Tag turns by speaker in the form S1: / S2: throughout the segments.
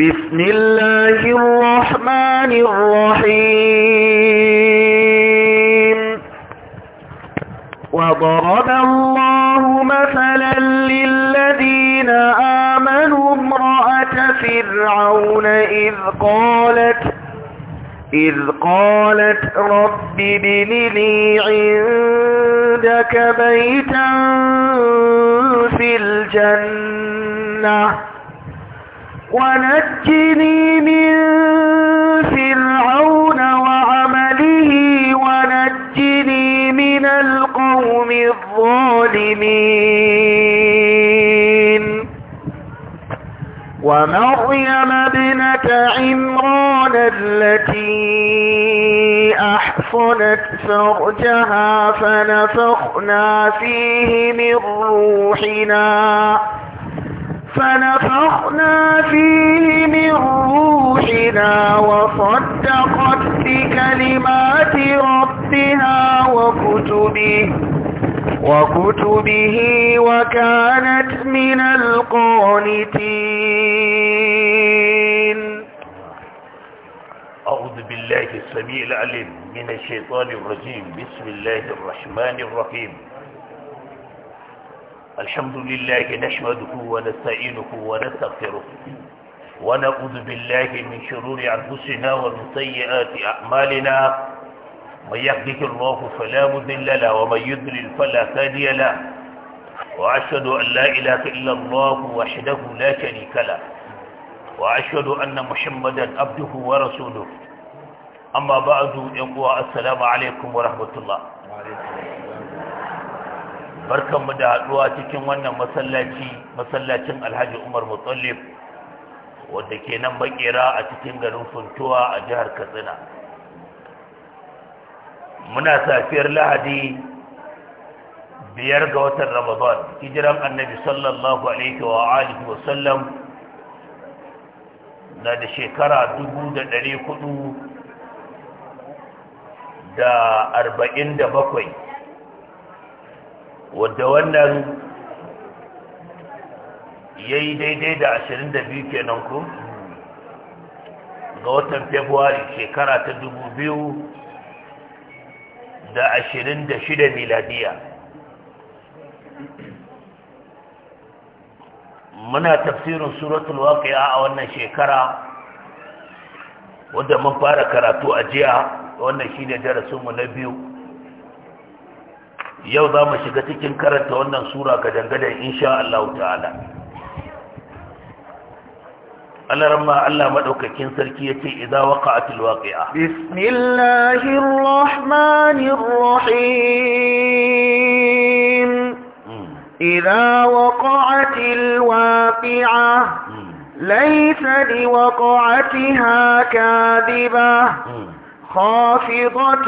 S1: بسم الله الرحمن الرحيم وضرب الله مثلا للذين آمنوا امرأة فرعون إذ قالت إذ قالت رب ابن لي عندك بيتا في الجنة ونجني من فرعون وعمله ونجني من القوم الظالمين ومريم ابنة عمران التي أحصنت فرجها فنفخنا فيه من روحنا فنفخنا فيه من روحنا وصدقت بكلمات ربها وكتبه وكتبه وكانت من القانتين
S2: أعوذ بالله السميع العليم من الشيطان الرجيم بسم الله الرحمن الرحيم الحمد لله نحمده ونستعينه ونستغفره ونعوذ بالله من شرور أنفسنا ومن سيئات أعمالنا من يهده الله فلا مذل له ومن يضلل فلا هادي له وأشهد أن لا إله إلا الله وحده لا شريك له وأشهد أن محمدا عبده ورسوله أما بعد يقوى السلام عليكم ورحمة الله وعليكم. barkanmu da haɗuwa cikin wannan masallaci masallacin alhaji umar mutsalif wadda ke nan bakera a cikin garin funtuwa a jihar katsina muna safiyar lahadi biyar ga watan ramadan hijiran annabi sallallahu alaihi wa alihi wa sallam na da shekara dubu da ɗari kudu da arba'in da bakwai wadda wannan ya yi daidai da ashirin da biyu kenan ku ga watan februari shekara ta dubu biyu da ashirin da shida miladiya muna tafsirin suratul waqi'a a wannan shekara wadda mun fara karatu a jiya wannan shine darasinmu na biyu yau za mu shiga cikin karanta wannan sura ga dangadan insha Allah ta'ala alarma Allah madaukakin sarki yace idza waqa'atil waqi'a
S1: bismillahir rahmanir rahim idza waqa'atil waqi'a ليس لوقعتها كاذبة خافضة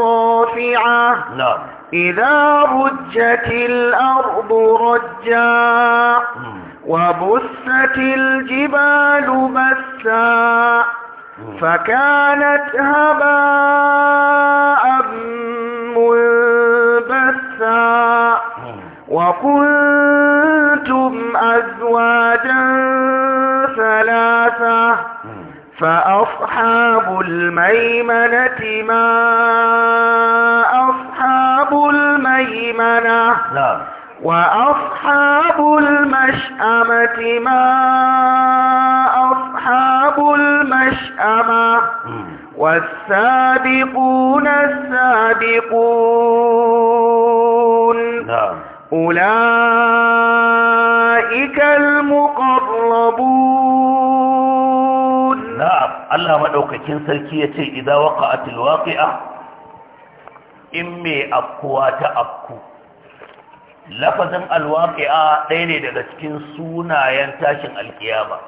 S1: رافعة إذا رجت الأرض رجا وبست الجبال بسا فكانت هباء منبثا وكنتم أزواجا ثلاثة فأصحاب الميمنة ما أصحاب الميمنة نعم وأصحاب المشأمة ما أصحاب المشأمة والسابقون السابقون نعم أولئك المقربون
S2: Allah madaukakin sarki ya yace idza waqa'atil waqi'a in me afkuwa ta afku lafazin alwaqi'a ɗaya ne daga cikin sunayen tashin alkiyama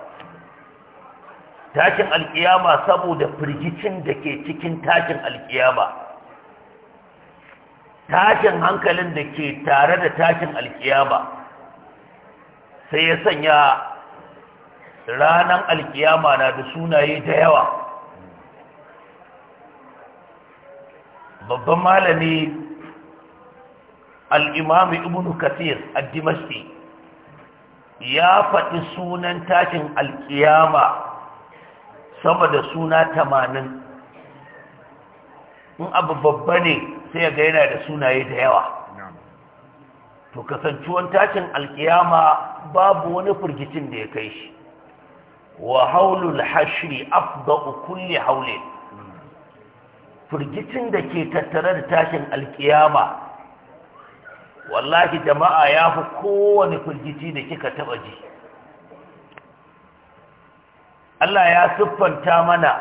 S2: tashin alkiyama saboda firgicin da ke cikin tashin alkiyama tashin hankalin da ke tare da tashin alƙiyaba sai ya sanya ranan alkiyama na da sunaye da yawa babban malami al'imami ibn kathir al-dimashqi ya faɗi sunan tashin alkiyama sama da suna tamanin in abu babba ne sai ga yana da sunaye da yawa to kasancewan tashin alkiyama babu wani firgicin da ya kai shi wa haulul hashri afda'u kulli haule firgicin da ke tattare da tashin alkiyama wallahi jama'a ya fi kowane firgici da kika taba ji Allah ya siffanta mana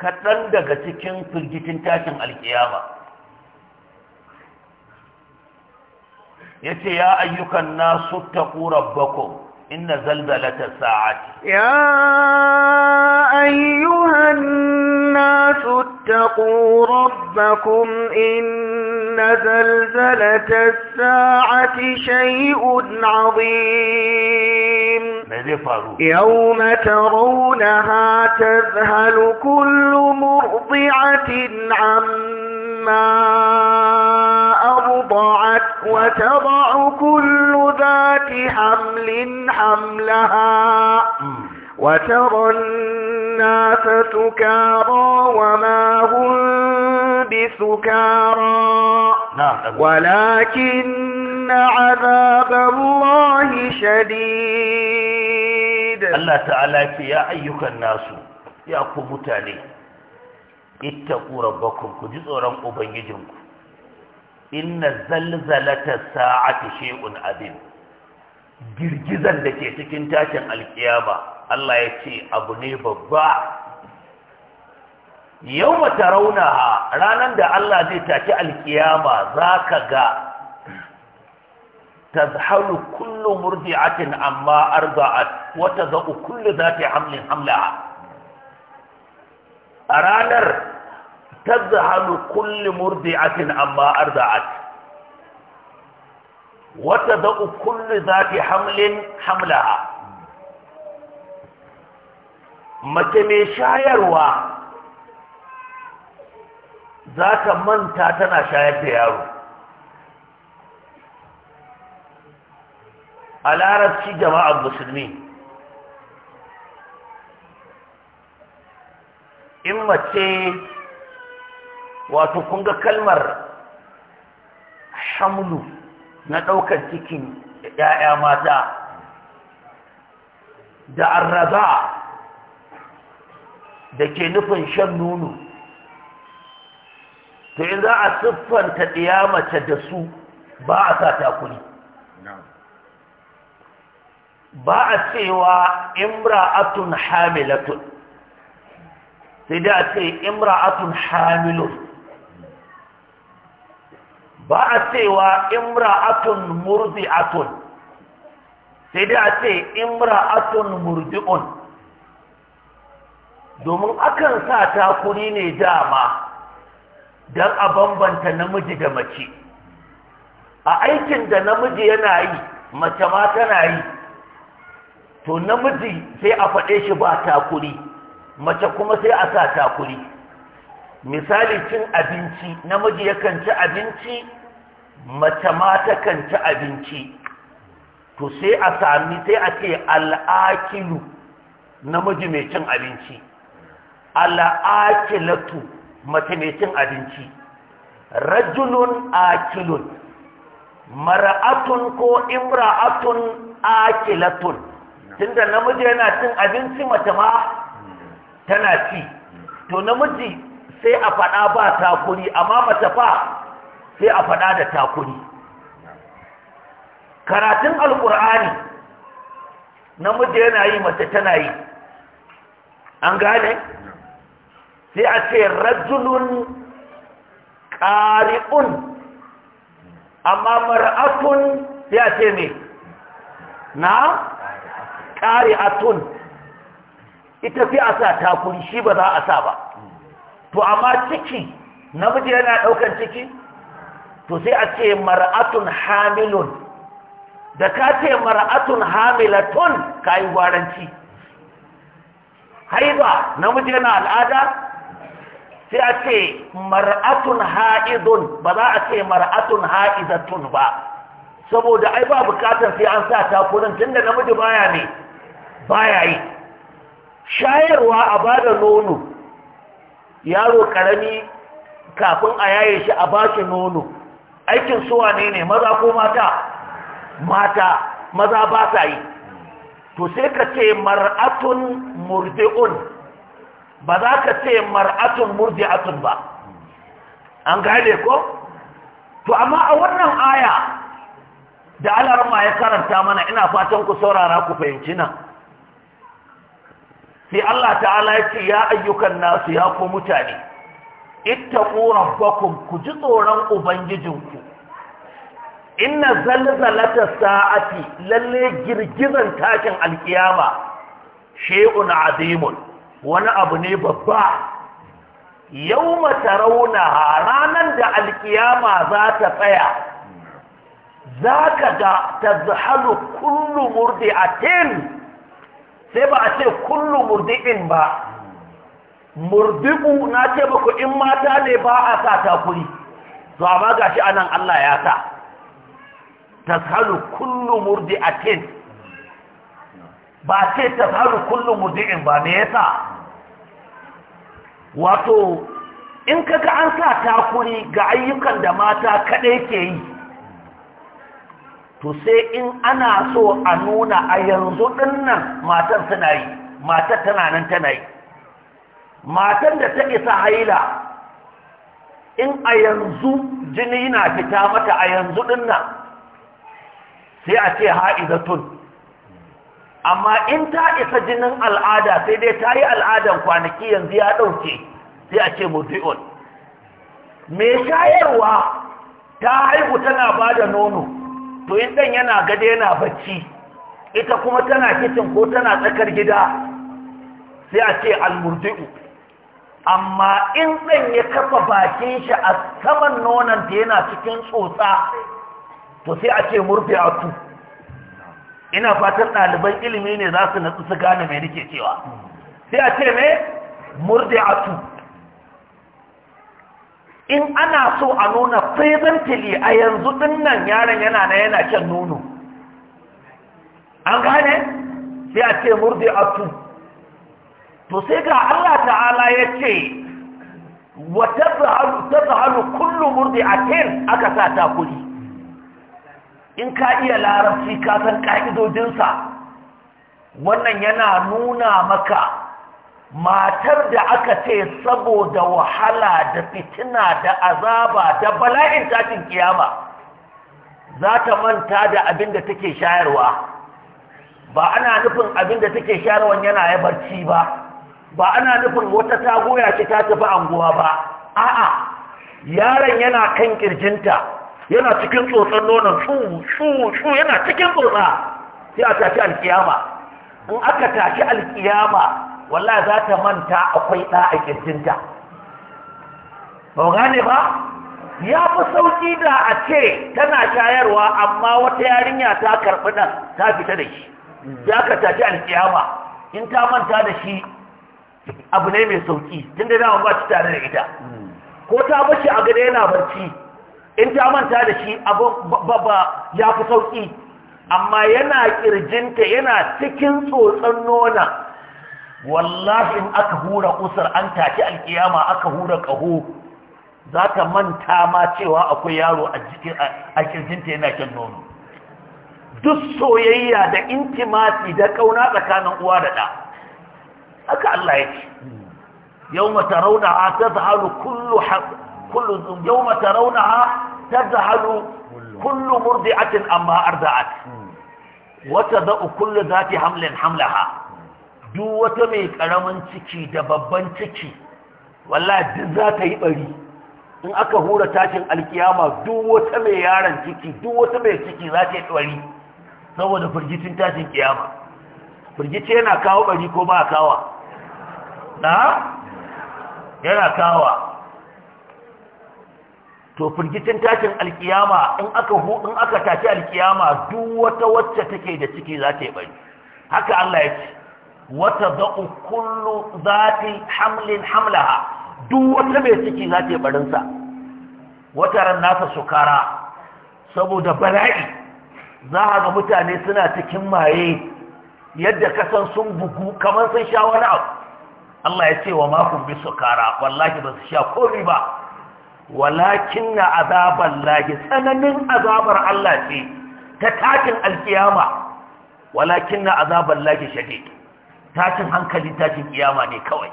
S2: kaɗan daga cikin firgicin tashin alkiyama ya ce ya ayyukan nasu taƙu إن زلزلة الساعة
S1: يا أيها الناس اتقوا ربكم إن زلزلة الساعة شيء عظيم يوم ترونها تذهل كل مرضعة عما ما أرضعت وتضع كل ذات حمل حملها وترى الناس سكارى وما هم بسكارى نعم، ولكن عذاب الله شديد
S2: الله تعالى يا أيها الناس يا قوم ittaqu rabbakum ku ji tsoron ubangijinku inna zalzalata sa'ati shay'un abin. girgizan da ke cikin tashin alkiyama Allah ya ce abu ne babba yau mata raunaha ranar da Allah zai tashi alkiyama za ka ga ta zahalu kullum murdi'atin amma arba'at wata za'u kullu za ta yi hamlin hamla. a ranar tazhalu kulli murdi'atin amma arda'at wa tad'u kulli zati hamlin hamlaha mace mai shayarwa za ka manta tana shayar da yaro a larabci jama'ar musulmi in mace wato kunga kalmar hamlu na ɗaukar cikin ‘ya'ya mata da arraza da ke nufin shan nono to in za a siffanta ɗiya mace da su ba a sa takuri ba a cewa imra'atun hamilatun sai da ce imra'atun hamilun ba a cewa imra'atun murdi'atun sai da ce imra'atun murdi'un domin akan sa takuri ne dama don a bambanta namiji da mace a aikin da namiji yana yi mace ma tana yi to namiji sai a faɗe shi ba takuri mace kuma sai a sa takuri misali cin abinci namiji yakan ci abinci mace ma takan ci abinci to sai a sami sai a ce al'akilu namiji mai cin abinci al'akilatu mace mai cin abinci rajulun akilun mara'atun ko imra'atun akilatun tunda namiji yana cin abinci mace ma tana ci to namiji sai a faɗa ba takuri amma mace fa sai a faɗa da takuri karatun alƙur'ani namiji yana yi mace tana yi an gane sai a ce rajulun ƙari'un amma mar'atun sai a ce ne na ƙari'atun ita sai a sa takuri shi ba za a sa ba to amma ciki namiji yana ɗaukar ciki to sai a ce mar'atun hamilun da ka ce mar'atun hamilatun ka yi gwaranci haiba namiji yana al'ada sai a ce mar'atun ha'izun ba za a ce mar'atun ha'izatun ba saboda ai ba bukatar sai an sa takurin da namiji baya ne baya yi shayarwa a bada nono yaro karami kafin a yaye shi a bashi nono aikin suwa ne ne maza ko mata mata maza ba sa yi to sai ka ce mar'atun murdi'un ba za ka ce mar'atun murdi'atun ba an gane ko to amma a wannan aya da alarma ya karanta mana ina fatan ku saurara ku fahimci nan sai Allah ta'ala ya ce ya ayyukan nasu ya ku mutane ittaqu rabbakum ku ji tsoron ubangijinku inna zalzalata sa'ati lalle girgizan takin alkiyama shay'un azimun wani abu ne babba Yau mata rauna ranar da alkiyama za ta tsaya zaka ga tazhalu kullu murdi'atin sai ba a ce kullu murdi'in ba murdi'u na ce baku in mata ne ba a sa takuri to amma gashi anan Allah ya sa tasalu kullu murdi'atin ba ce tasalu kullu murdi'in ba me yasa wato in kaga an sa takuri ga ayyukan da mata kadai ke yi to sai in ana so a nuna a yanzu dinnan matar suna yi matar tana nan tana yi matar da ta isa haila in a yanzu jini na fita mata a yanzu dinnan sai a ce ha'izatun amma in ta isa jinin al'ada sai dai ta yi al'adan kwanaki yanzu ya ɗauke sai a ce mutu'un mai shayarwa ta haihu tana ba da nono to in ɗan yana gada yana bacci ita kuma tana kicin ko tana tsakar gida sai a ce al-murdi'u. amma in ɗan ya kafa bakin shi a saman nonon ta yana cikin tsotsa to sai a ce murfi'atu ina fatan ɗaliban ilimi ne za su natsu su gane mai nake cewa sai a ce me murdi'atu in ana so a nuna presently a yanzu nan yaron yana na yana shan nono an gane sai a ce murdi a tu to sai ga Allah ta'ala ya ce wa hannu kullum murdi a ten aka sa ta kuri in ka iya larabci ka san ka'idojinsa wannan yana nuna maka matar da aka ce saboda wahala da fitina da azaba da bala'in tashin kiyama za ta manta da abin da take shayarwa ba ana nufin abin da take shayarwa yana ya barci ba ba ana nufin wata tagoya ce ta tafi anguwa ba a'a yaron yana kan kirjinta yana cikin tsotsar nonon su su su yana cikin tsotsa sai a alkiyama in aka tafi alkiyama wallahi za ta manta akwai ɗa a ƙirjinta ba gane ba ya fi sauƙi da a ce tana shayarwa amma wata yarinya ta karɓi nan, ta fita da shi ya ka tafi alƙiyama in ta manta da shi abu ne mai sauƙi tun da dama ba ci tare da ita ko ta bashi a gada yana barci in ta manta da shi abu babba ya fi sauƙi amma yana ƙirjinta yana cikin tsotson nona wallahi in aka hura kusur an take alkiyama aka hura kaho za ta manta ma cewa akwai yaro a kirjinta yana kyan nono duk soyayya da intimati da kauna tsakanin uwa da ɗa haka Allah ya ce yau mata rauna a ta zahalu kullu yau mata rauna a ta zahalu kullu murdi'atin amma arda'at hmm. wata za'u kullu zati hamlin hamlaha duk wata mai karamin ciki da babban ciki wallahi duk za ta yi bari in aka hura tashin alkiyama duk wata mai yaron ciki duk wata mai ciki za ta yi bari saboda firgicin tashin kiyama firgice yana kawo bari ko ba kawa na yana kawa to firgicin tashin alkiyama in aka in aka tashi alkiyama duk wata wacce take da ciki za ta yi bari haka Allah ya ce wata za'u kullu zati hamlin hamlaha duk wata mai ciki za ta yi barinsa wata ran nasa sukara saboda bala'i za a ga mutane suna cikin maye yadda kasan sun bugu kamar sun sha wani abu Allah ya ce wa makon bi sukara wallahi ba su sha komi ba walakin na azabar lagi tsananin azabar Allah ce ta takin alkiyama walakin na azabar lagi shadid tashin hankali tashin kiyama ne kawai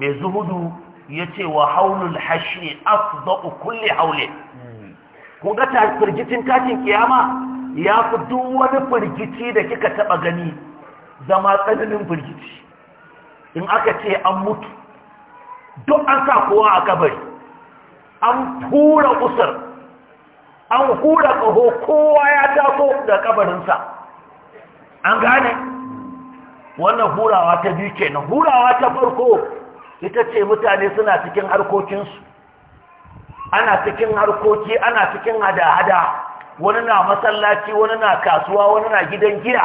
S2: mai zuhudu ya ce wa haulul hashi afdau kulle haule kun ga firgicin tashin kiyama ya fi duk wani firgici da kika taba gani zama tsananin firgici in aka ce an mutu duk an sa kowa a kabari an hura usar an hura kaho kowa ya taso da kabarinsa an gane wannan hurawa ta biyu kenan hurawa ta farko ita ce mutane suna cikin harkokinsu ana cikin harkoki ana cikin hada-hada wani na masallaci wani na kasuwa wani na gidan gida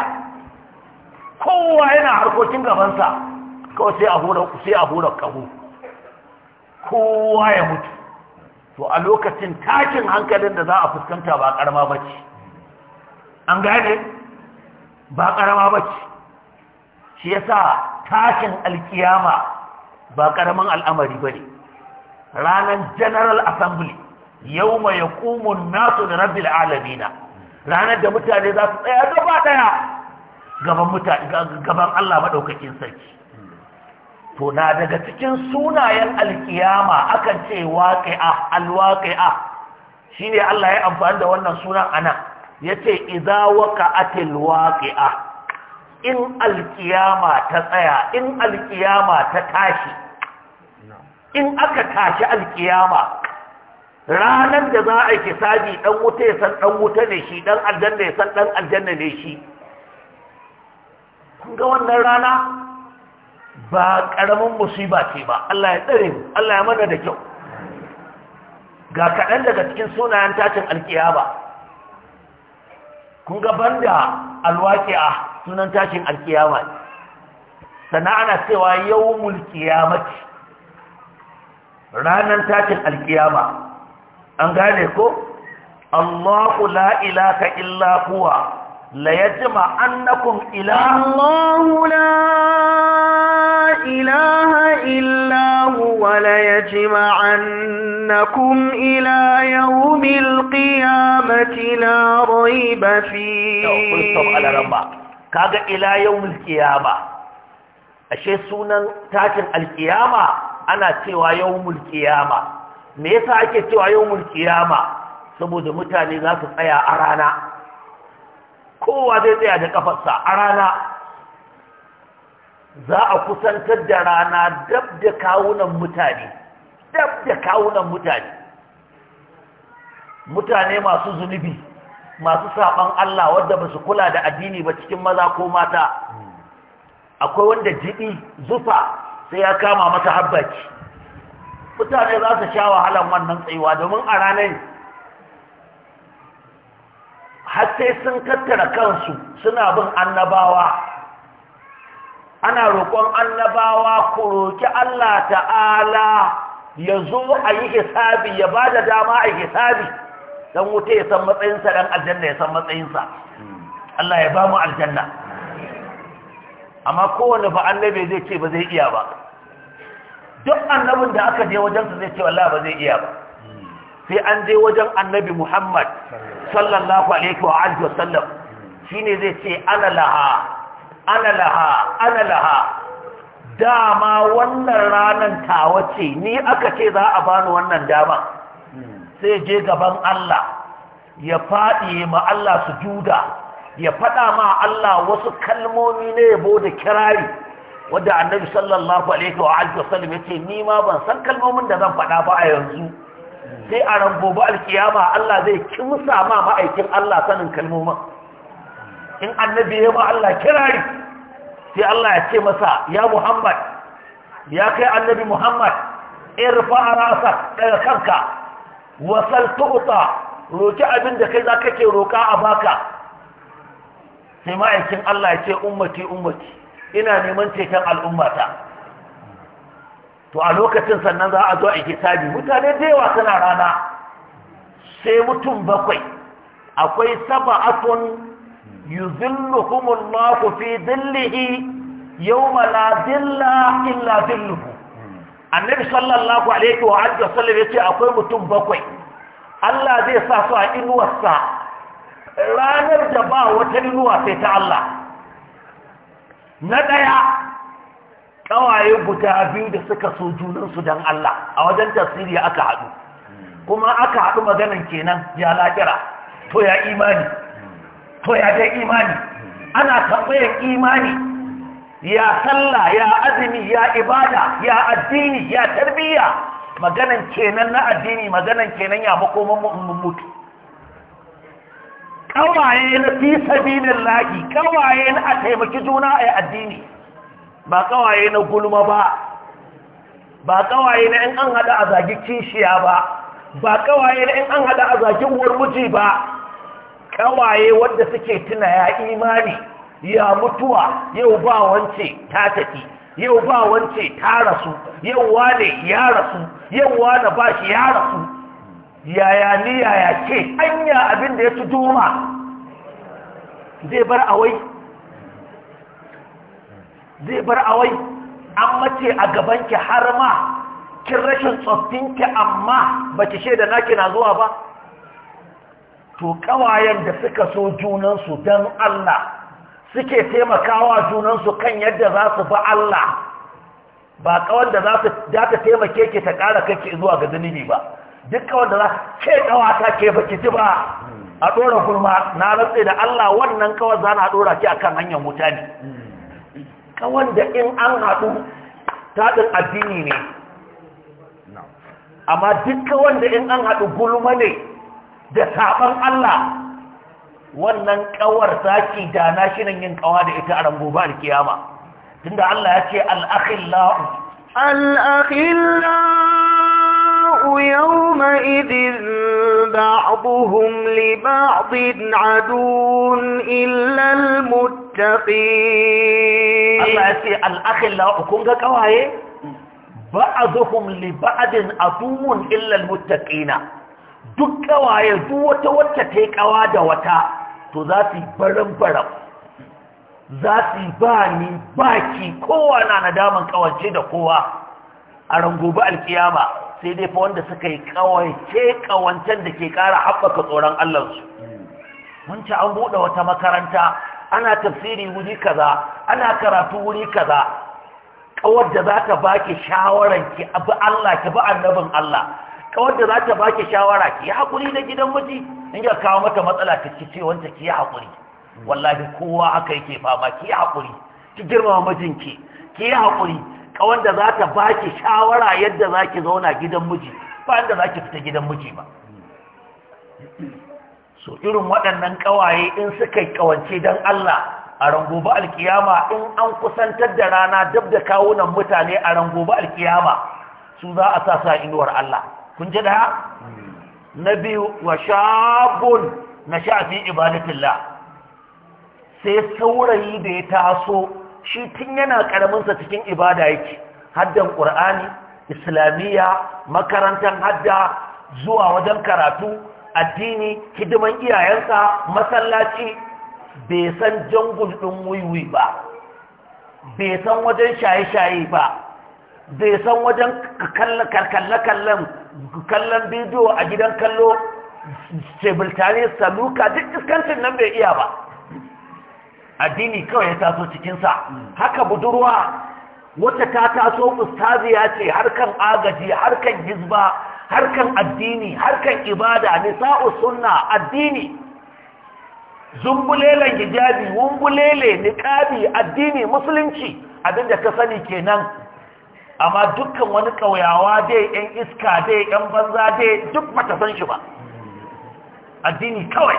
S2: kowa yana harkokin gabansa kawai sai a hura sai a hura kahu kowa ya mutu to a lokacin takin hankalin da za a fuskanta ba karama bace an gane ba karama bace shi yasa tashin alkiyama ba karaman al'amari bane ranan general assembly mai yaqumu an-nasu li rabbil alamin ranar da mutane za su tsaya gaba daya gaban gaban Allah maɗaukakin sarki to na daga cikin sunayen alkiyama akan ce waqi'a alwaqi'a shine Allah ya amfani da wannan sunan anan yace idza waqa'atil waqi'a in alkiyama ta tsaya in alkiyama ta tashi in aka tashi alkiyama ranar da za a yi hisabi dan wuta ya san dan wuta ne shi dan aljanna ya san dan aljanna ne shi kun ga wannan rana ba karamin musiba ce ba Allah ya tsare mu Allah ya mana da kyau ga kaɗan daga cikin sunayen tashin alkiyama kun ga banda alwaqi'a sunan tashin alkiyama sannan ana cewa yawmul qiyamati ranan tashin alkiyama an gane ko Allahu la ilaha illa kuwa la yajma annakum ila Allahu
S1: la ilaha illa huwa la yajma annakum ila yawmil qiyamati la rayba fihi kaga ila yawmul qiyama
S2: ashe sunan takin alqiyama ana cewa yawmul qiyama me yasa ake cewa yawmul qiyama saboda mutane za su tsaya a rana kowa zai tsaya da kafarsa a rana za a kusantar da rana dab da kawunan mutane dab da kawunan mutane mutane masu zunubi masu saban Allah wadda ba su kula da addini ba cikin maza ko mata akwai wanda jiɗi zufa sai ya kama masa habbaci mutane za su sha wahalan wannan tsayuwa domin a ranar har sai sun kattara kansu suna bin annabawa ana roƙon annabawa ku roƙi Allah ta'ala ya zo a yi hisabi ya ba da dama a hisabi dan wuta ya san matsayinsa dan aljanna ya san matsayinsa Allah ya ba mu aljanna amma kowanne ba annabi zai ce ba zai iya ba duk annabin da aka je wajensa zai ce wallahi ba zai iya ba sai an je wajen annabi Muhammad sallallahu alaihi wa alihi wasallam shine zai ce ana laha ana laha ana laha dama wannan ranan tawace ni aka ce za a bani wannan dama sai je gaban Allah ya faɗi ma Allah sujuda ya faɗa ma Allah wasu kalmomi na yabo da kirari wadda annabi sallallahu alaihi wa alihi wasallam yace ni ma ban san kalmomin da zan faɗa ba a yanzu sai a ran gobe alkiyama Allah zai kimsa ma ma'aikin Allah sanin kalmomin in annabi ya ma Allah kirari sai Allah ya ce masa ya Muhammad ya kai annabi Muhammad irfa ra'sak daga kanka wasal tuuta roki abin da kai zaka ke roka a baka sai ma'aikin Allah ya ce ummati ummati ina neman ceton al'ummata to a lokacin sannan za a zo a hisabi mutane da yawa suna rana sai mutum bakwai akwai saba'atun yuzilluhumullahu fi dhillihi yawma la dhilla illa dhilluhu annabi sallallahu alaihi wa alihi wasallam yace akwai mutum bakwai Allah zai sa su a inuwarsa ranar da ba wata inuwa sai ta Allah na daya kawaye guda biyu da suka so junansu dan Allah a wajen tafsiri aka haɗu kuma aka haɗu maganan kenan ya lakira to ya imani to ya dai imani ana tambayar imani ya sallah ya azumi ya ibada ya addini ya tarbiyya maganan kenan na addini maganan kenan ya makoman mu'min mutu kawaye na fi sabilin laki kawaye na a taimaki juna a addini ba kawaye na gulma ba ba kawaye na in an hada a zagi kishiya ba ba kawaye na in an hada a zagin uwar ba kawaye wanda suke tuna ya imani ya mutuwa yau ba wance ta tafi yau ba wance ta rasu yau wane ya rasu yau wane ba shi ya rasu yaya ni yaya ce anya abin da ya ci doma zai bar awai zai bar awai an mace a gabanki har ma kin rashin tsoffin tsoffinki amma ba ki shaida naki na zuwa ba to kawayen da suka so junansu don Allah suke taimakawa junansu kan yadda za su fi Allah ba kawar da za data taimake ke ta ƙara kake zuwa ga zunubi ba duk kawar da za ke ta ke baki ji ba a ɗora gurma na rantse da Allah wannan kawar za na ɗora ki akan hanyar wuta ne kawar da in an haɗu taɗin addini ne amma duk kawar da in an haɗu gulma ne da saɓon Allah wannan kawar saki da na shirin yin kawa da ita a rangoba da kiyama tunda Allah ya ce al-akhillahu yau
S1: akhillahu yawma idin ba'dhum li ba'din adun illal al Allah ya ce al kun ga kawaye ba'dhum li ba'din
S2: aduun illa al-muttaqina duk kawaye duk wata wacce ta yi kawa da wata to za su yi barin baram za su yi ba ni baki kowa na nadaman kawance da kowa a rangobi alkiyama sai dai fa wanda suka yi kawance kawancen da ke kara haɓaka tsoron allansu mun ci an buɗe wata makaranta ana tafsiri wuri kaza ana karatu wuri kaza kawar da za ta baki ki ki abu Allah ki bi annabin Allah Ka wanda za ta baki shawara ki yi hakuri na gidan miji in ya kawo mata matsala ta ci ce wanda ki yi hakuri wallahi kowa haka yake fama ki yi hakuri ki girmama mijinki ki hakuri haƙuri. da za ta baki shawara yadda za ki zauna gidan miji ba yadda za ki fita gidan miji ba so irin waɗannan ƙawaye in suka yi ƙawance don Allah a rangoba alkiyama in an kusantar da rana dab da kawunan mutane a rangoba alkiyama su za a sa sa inuwar Allah kun ji daya na biyu wa shabun na shafi ibadatullah sai saurayi da ya taso shi tun yana karaminsa cikin ibada yake haddan ƙur'ani islamiyya makarantar hadda zuwa wajen karatu addini hidiman iyayensa masallaci bai san jangul ɗin wiwi ba bai san wajen shaye-shaye ba bai san wajen kalle kallon bidiyo a gidan kallo tebultare saluka duk iskancin nan bai iya ba addini kawai ya taso cikinsa haka budurwa wata ta taso ya ce harkan agaji harkan gizba harkan addini harkan ibada nisa'u sunna addini zumbulelen hijabi wumbulele niqabi addini musulunci abinda ka sani kenan amma dukkan wani ƙauyawa dai yan iska dai yan banza dai duk bata san shi ba addini kawai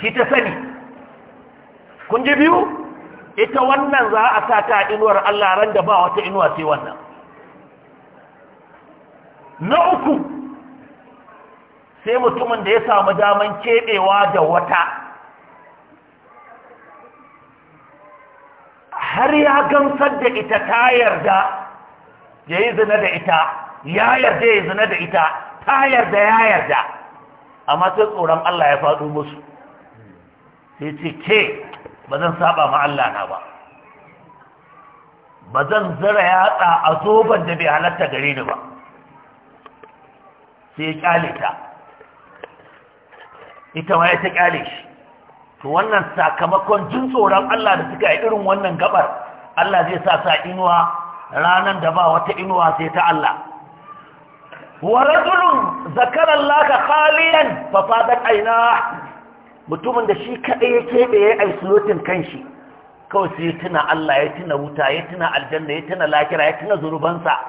S2: shi ta sani kun ji biyu ita wannan za a sa ta inuwar Allah ran da ba wata inuwa sai wannan na uku sai mutumin da ya samu daman keɓewa da wata har ya gamsar da ita ta yarda ya yi zina da ita ya yarda ya zina da ita ta yarda ya yarda amma sai tsoron Allah ya faɗo musu sai ce ke ba zan saba ma Allah na ba ba zan zira yatsa a zoban da bai halatta gare ni ba sai ya kyale ta ita ma ya ta kyale shi to wannan sakamakon jin tsoron Allah da suka yi irin wannan gabar Allah zai sa sa inuwa ranan da ba wata inuwa sai ta Allah wa rajulun zakara Allah khaliyan fa fadat aina mutumin da shi kadai ya kebe ya kan kanshi kawai sai tuna Allah ya tuna wuta ya tuna aljanna ya tuna lakira ya tuna zurubansa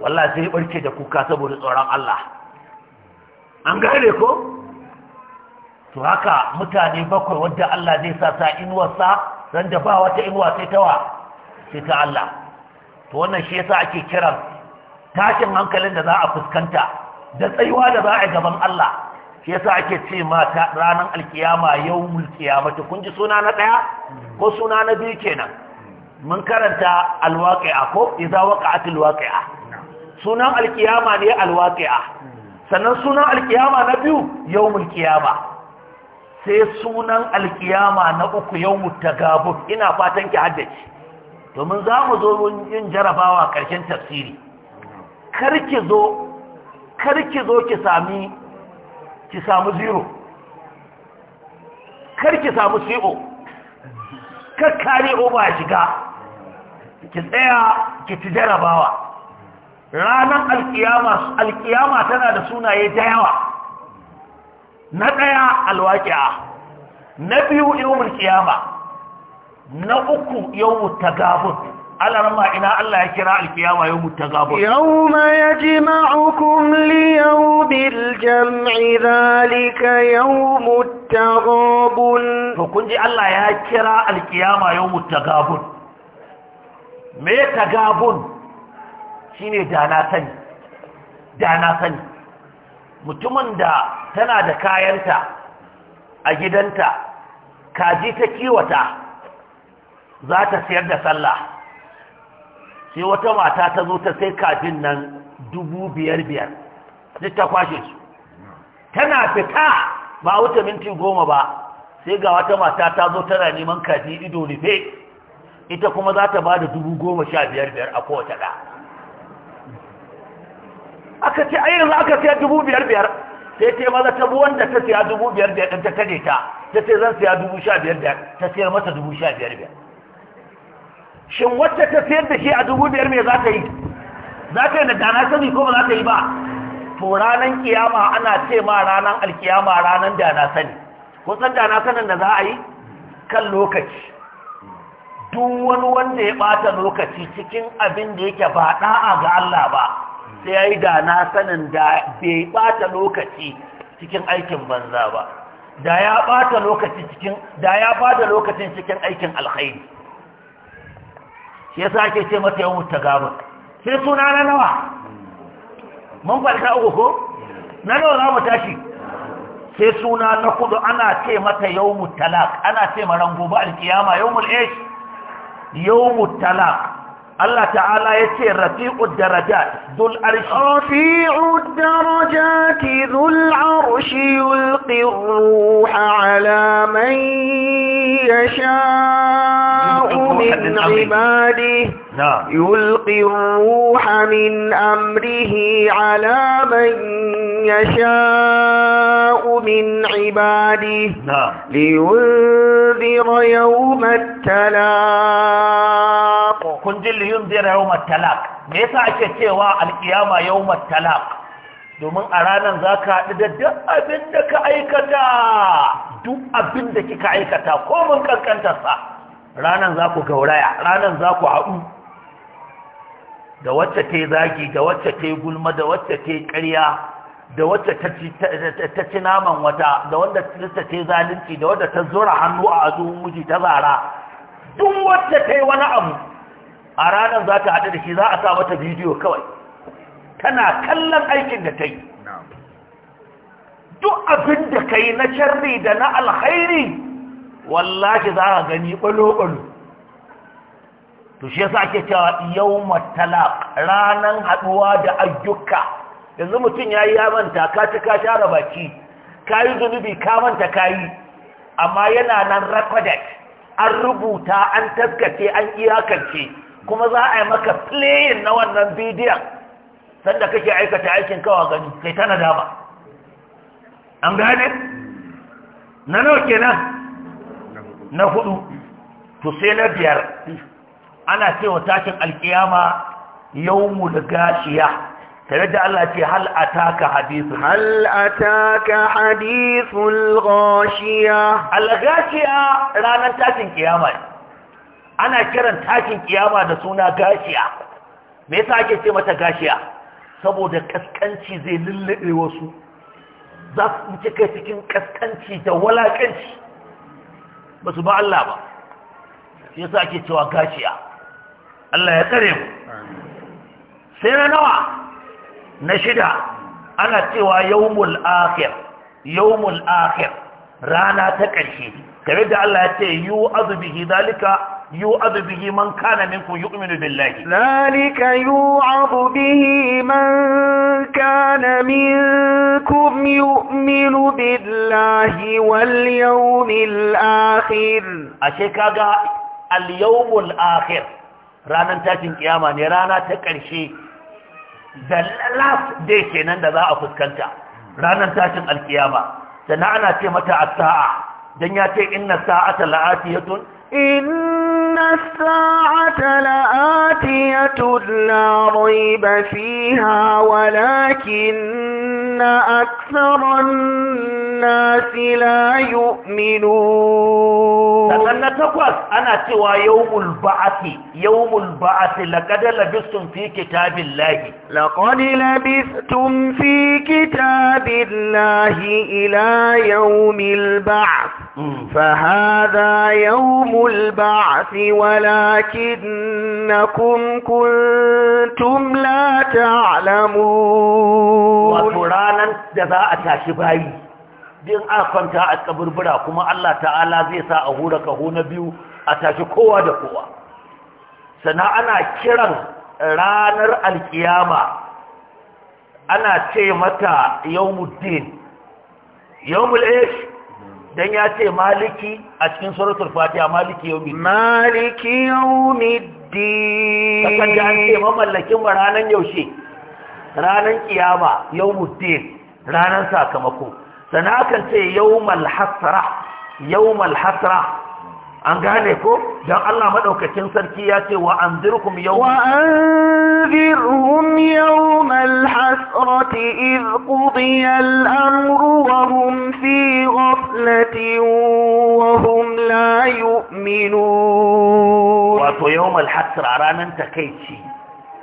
S2: wallahi sai barke da kuka saboda tsoron Allah an gane ko to haka mutane bakwai wadda Allah zai sa sa inuwarsa don da ba wata inuwa sai tawa sai ta Allah to wannan shi yasa ake kiran tashin hankalin da za a fuskanta da tsayuwa da za a gaban Allah shi yasa ake ce mata ranar alkiyama yawmul qiyamati kun ji suna na daya ko suna na biyu kenan mun karanta alwaqi'a ko idza waqa'at alwaqi'a sunan alkiyama ne alwaqi'a sannan sunan alkiyama na biyu yawmul qiyama sai sunan alkiyama na uku yau gabu ina fatan ki haddace domin za mu zo yin jarabawa ƙarshen tafsiri karki zo karki zo ki sami ki samu zero karki samu co kakkari oba shiga ki tsaya ki ci jarabawa ranar alkiyama tana da sunaye da yawa na ɗaya alwaƙiya na biyu yawon kiyama na uku yawon tagabun alarma ina Allah ya kira alkiyama yawon tagabun
S1: yawma ya ji jima'ukum liyawbil jam'i zalika yawon tagabun to kun ji Allah ya kira alkiyama yawon
S2: tagabun me tagabun shine da na da na sani mutumin da tana da kayanta a gidanta kaji ta kiwata za ta sayar da sallah sai wata mata ta zo ta sai kajin nan dubu biyar biyar duk ta kwashe su tana fita ba wuce minti goma ba sai ga wata mata ta zo tana neman kaji ido rufe ita kuma za ta ba da dubu goma sha biyar biyar a kowace ɗa aka ce ayyar za aka sayar dubu biyar biyar sai ce maza ta bi wanda ta siya dubu biyar biyar ɗin ta kade ta ta ce zan siya dubu sha biyar biyar ta siyar masa dubu sha biyar biyar shin wacce ta siyar da shi a dubu biyar me za ta yi za ta yi da dana sani ko ba za ta yi ba to ranar kiyama ana ce ma ranar alkiyama ranar dana sani ko san dana sanin da za a yi kan lokaci duk wani wanda ya ɓata lokaci cikin abin da yake ba ɗa'a ga Allah ba sai ya yi da na sanin da bai ɓata lokaci cikin aikin banza ba da ya ɓata lokaci cikin da ya bada lokacin cikin aikin alkhairi Ya yasa ake ce mata ta tagabun sai suna na nawa mun farka uku ko na nawa za mu tashi sai suna na kudu ana ce mata yawan talak ana ce marango ba alkiyama yawan mul'ish yawan talak الله تعالى يتي رفيع الدرجات ذو العرش
S1: رفيع الدرجات ذو العرش يلقي الروح على من يشاء من عباده نعم يلقي الروح من أمره على من يشاء من عباده نعم لينذر يوم
S2: التلاق كنت لينذر يوم التلاق ميسا عشتوا القيامة يوم التلاق domin a ranar za ka haɗu da duk abin da ka aikata duk abin da kika aikata komin kankantarsa ranar za ku gauraya ranar za ku haɗu da wacce ta zagi da wacce ta gulma da wacce ta ƙarya da wacce ta ci naman wata da wanda ta ta zalunci da wanda ta zura hannu a azumin miji ta zara duk wacce ta yi wani abu a ranar za ta haɗu da shi za a sa mata bidiyo kawai tana kallon aikin da ta yi duk abin da ka yi na sharri da na alkhairi wallahi za ka gani ɓalo-ɓalo to shi yasa ake cewa yawmat talaq ranan haduwa da ayyuka yanzu mutum yayi ya manta ka ci ka share baki kayi zunubi ka manta kayi amma yana nan recorded an rubuta an taskace an iyakance kuma za a yi maka playing na wannan bidiyon sanda kake aikata aikin kawa gani kai tana dama an gane na nawa kenan na hudu to sai na biyar ana cewa tashin alkiyama da gashiya tare da Allah ce hal ataka hadithu hal ataka hadithul ghashiya al gashiya ranar tashin kiyama ana kiran tashin kiyama da suna gashiya me yasa ake ce mata gashiya saboda kaskanci zai lullube wasu za su cika cikin kaskanci da walakanci ba su ba Allah ba shi yasa ake cewa gashiya الله يكرم سننوع نشدع انا تيوى يوم الآخر يوم الآخر رانا تكرشي كبدا الله يتي يوأذ به ذلك يوأذ
S1: به من كان منكم يؤمن بالله ذلك يوعظ به من كان منكم يؤمن بالله واليوم الآخر أشيكا اليوم
S2: الآخر ranar tashin kiyama ne rana ta ƙarshe da last day kenan da za a fuskanta ranar tashin alkiyama sannan ana ce mata a saa dan ya ce inna sa'ata la'afiyatun
S1: in الساعة لآتية لا ريب فيها ولكن أكثر الناس لا يؤمنون لأن تقول أنا سوى يوم
S2: البعث يوم البعث لقد لبثتم في كتاب الله لقد
S1: لبثتم في كتاب الله إلى يوم البعث فهذا يوم البعث ولكنكم كنتم لا تعلمون وطرانا جزاء تاشبهي din a kwanta
S2: a kaburbura kuma Allah ta'ala zai sa a hura kaho na biyu a tashi kowa da kowa sana ana kiran ranar alkiyama ana ce mata yawmuddin yawmul ish dan ya ce maliki a cikin suratul fatiha maliki yawmi maliki yawmi din kakan da an ce mamallakin ranan yaushe ranan kiyama yawmuddin ranan sakamako sana kan ce yawmal hasra yawmal hasra an gane ko don Allah maɗaukacin
S1: sarki ya ce wa
S2: an zirkum yau wa
S1: an zirhum yau malhasrati iz ƙudiyar fi ghaflati wa hum minu. wato yau malhasra a ranar takaici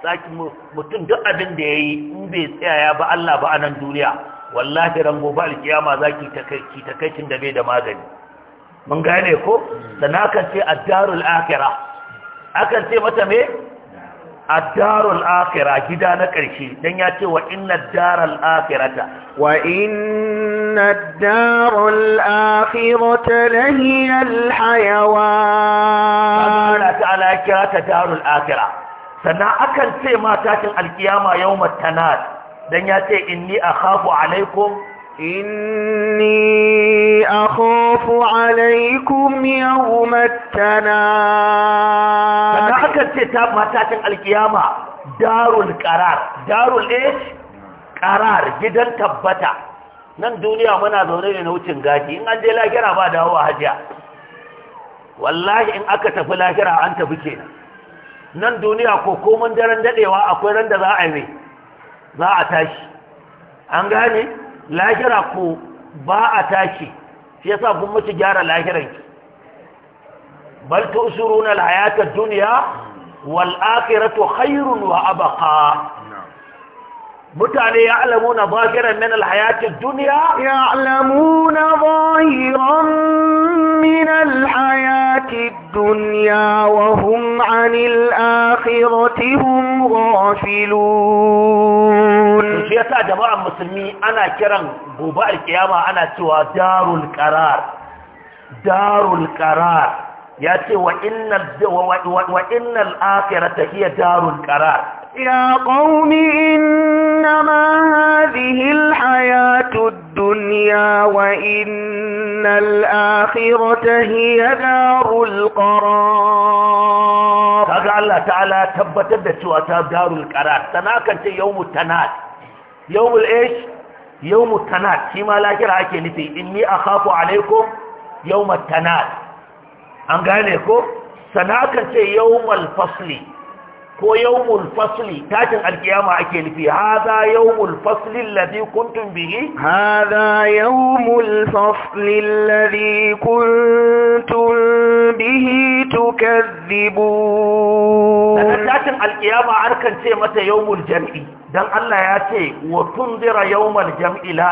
S1: tsaki mutum duk abin da ya yi
S2: in bai tsaya ba Allah ba a nan duniya wallahi ran gobe alkiyama zaki takaici takaicin da bai da magani mun gane ko sannan akan ce addarul akira akan ce mata me a darul akira gida na ƙarshe don ya
S1: ce wa inna daral akirata wa ina darul akirata lahiyar hayawa ta
S2: ala kira ta darul akira sannan akan ce ma tashin alkiyama yau matanat
S1: don ya ce inni a alaikum إني أخاف عليكم يوم التناد أنا حكا ستاب ماتاتن القيامة دار القرار
S2: دار الإيش قرار جدا تبتا nan duniya muna zaune ne na wucin gadi, in an je lahira ba dawowa hajiya wallahi in aka tafi lahira an tafi kenan nan duniya ko komin daren daɗewa akwai ran da za a yi za a tashi an gane lahira ko ba a tashi shi yasa kun mace gyara lahiranki bal tu'siruna usuru na ad duniya wal akhiratu khairun wa abqa mutane ya alamuna zahiran min al-hayati ad
S1: ya alamuna zahiran من الحياة الدنيا وهم عن الآخرة هم غافلون
S2: في يا جماعة المسلمين أنا كرم قباء الكيامة أنا توا دار القرار دار القرار يا وإن, وإن الآخرة هي دار القرار
S1: يا قوم إنما هذه الحياة الدنيا وإن إن الآخرة هي دار القرار
S2: هذا الله تعالى تبتدت وأتى دار القرار تناك يوم التنات يوم الإيش يوم التنات كما لا كرة كنتي إني أخاف عليكم يوم التناد أنقانيكم سناك يوم الفصل ko yawmul fasli tatin alkiyama ake nufi hadha yawmul fasli alladhi kuntum bihi
S1: hadha yawmul fasli alladhi kuntum bihi tukazzibun tatin alkiyama arkan ce mata yawmul jam'i dan Allah
S2: ya ce wa tundira yawmal jam'i la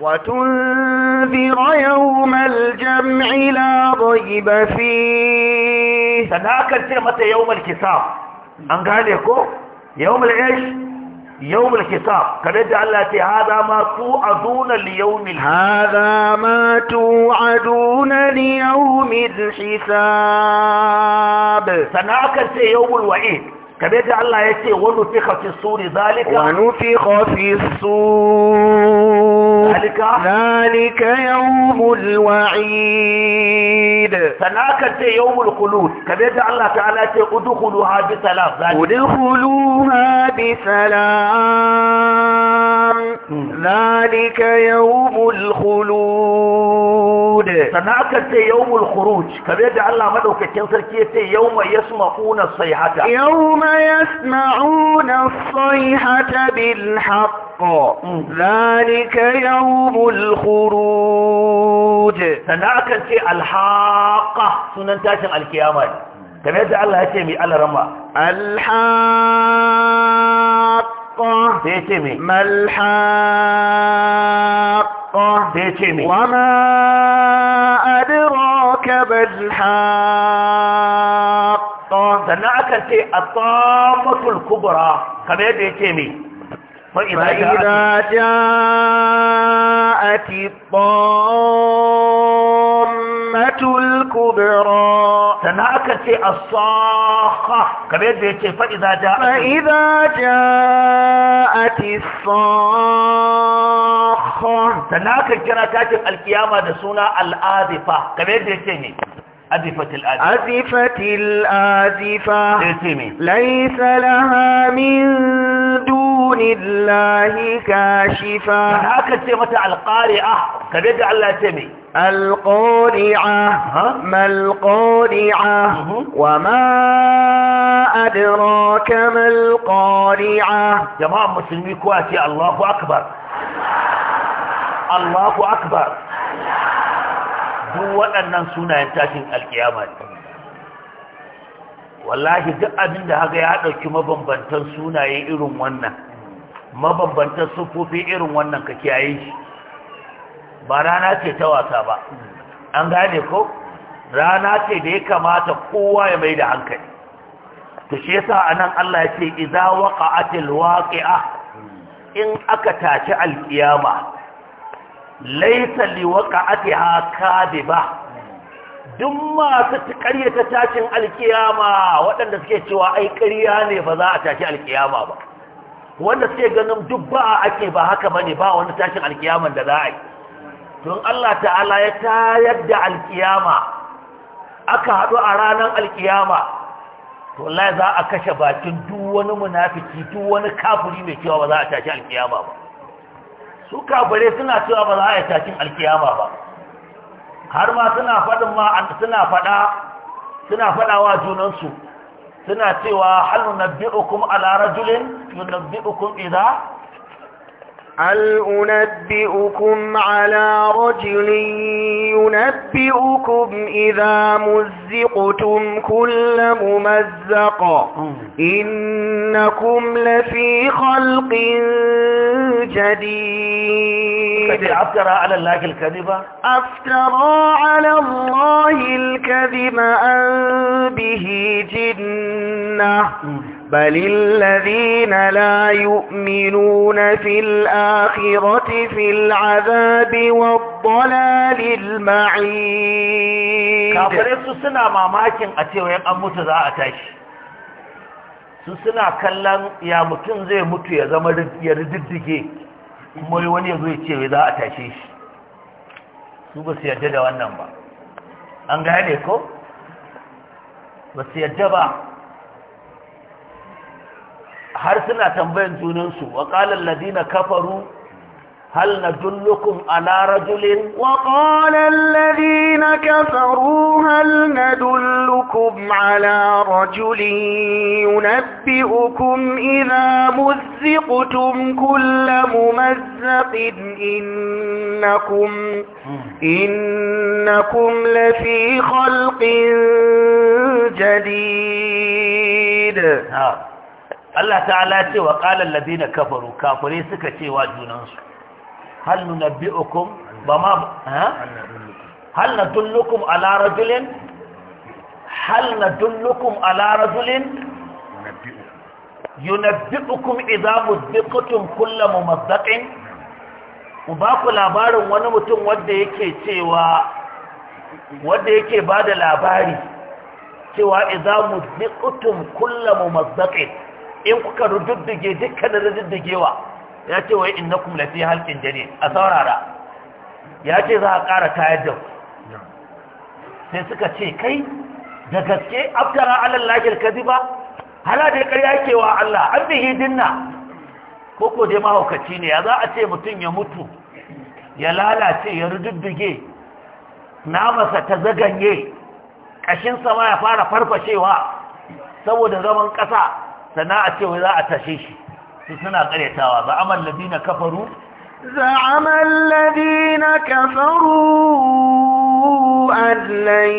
S2: wa
S1: tundira
S2: yawmal jam'i la لا fi فيه ce mata yawmal kisab انقال يكو يوم العيش يوم
S1: الكتاب كنت قالت هذا ما توعدون ليوم هذا ما توعدون ليوم الحساب سنعكس يوم الوعيد كبيت الله يتي ونفخ في الصور ذلك ونفخ في الصور ذلك ذلك يوم الوعيد فناك يوم الخلود كبيت الله تعالى يتي ادخلوها بسلام ذلك ادخلوها بسلام ذلك يوم الخلود
S2: فناك يوم الخروج كبيت الله مدوك تنسل يوم يسمعون الصيحة
S1: يوم يسمعون الصيحة بالحق ذلك يوم الخروج
S2: سنعكا شيء الحاقة سنن تاشر الكيامة كما يدعى الله يتمي على رمى الحاقة
S1: يتمي ما الحاقة يتمي وما أدراك بالحاقة
S2: sannan akan ce a tsafatul kubra kamar yadda ya ce mai
S1: فإذا جاءت الطامة الكبرى تناكة
S2: الصاخة فإذا جاءت فإذا
S1: جاءت الصاخة تناكة كراتات
S2: القيامة دسونا الآذفة كما يدري أزفت الآزفة
S1: أزفت الآزفة ليس لها من دون الله كاشفة يعني هكذا سيمة القارئة كبيرة على سمي القارعة ما القارعة وما أدراك ما القارعة جماعة
S2: مسلمي كواتي الله أكبر الله أكبر duk waɗannan sunayen tashin alkiyama ne wallahi duk abin da haka ya ɗauki mabambantan sunaye irin wannan mabambantan sufofi irin wannan ka kiyaye shi ba rana ce ta wasa ba an gane ko rana ce da ya kamata kowa ya mai da hankali to shi yasa anan Allah ya ce idza waqa'atil waqi'a in aka tashi alkiyama laisa liwaka ake haka ba duk masu ta tashin alkiyama waɗanda suke cewa ai ƙarya ne ba za a tashi alkiyama ba wanda suke ganin duk ba ake ba haka bane ba wani tashin alkiyaman da za a yi don Allah ta'ala ya tayar da alkiyama aka haɗu a ranar alkiyama to Allah za a kashe bakin duk wani munafiki duk wani kafiri mai cewa ba za a tashi alkiyama ba su kafare suna cewa ba za a yi takin alkiyama ba har ma suna faɗin ma suna faɗa suna faɗawa junansu suna cewa hal nabbi'ukum ala rajulin yunabbi'ukum idza
S1: هل أنبئكم على رجل ينبئكم إذا مزقتم كل ممزق إنكم لفي خلق جديد أفترى على الله الكذبة أفترى على الله الكذب أن به جنة بل الذين لا يؤمنون في الآخرة في العذاب والضلال المعيد كافر su suna mamakin a cewa
S2: yan an mutu za tashi su suna kallon ya mutum zai mutu ya zama ya riddige kuma wani ya zo ya ce tashe shi su ba yarda da wannan ba an gane ko ba su yarda ba har suna tambayan junansu wa كفروا kafaru هل ندلكم على رجل وقال
S1: الذين كفروا هل ندلكم على رجل ينبئكم إذا مزقتم كل ممزق إنكم إنكم لفي خلق جديد Allah ta'ala ce wa qalan ladina kafaru
S2: kafirai suka ce wa junansu hal nunabbi'ukum bama ha hal nadullukum ala rajulin hal nadullukum ala rajulin yunabbi'ukum idza mudbiqtum kullu mumaddaqin ba ku labarin wani mutum wanda yake cewa wanda yake bada labari cewa idza mudbiqtum kullu mumaddaqin in kuka rududdige dukkanin rududdugewa ya ce wai kuma lafi halkin jane a saurara ya ce za a ƙara tayar da ku sai suka ce kai da gaske abdara alal lakil kadiba hala da ƙarya kewa Allah an bihi dinna Ko dai mahaukaci ne ya za a ce mutum ya mutu ya lalace ya rududdige namasa ta zaganye ƙashinsa ma ya fara farfashewa saboda zaman ƙasa sana'a ce za في tashe shi su suna karyatawa ba
S1: زعم الذين كفروا أن لن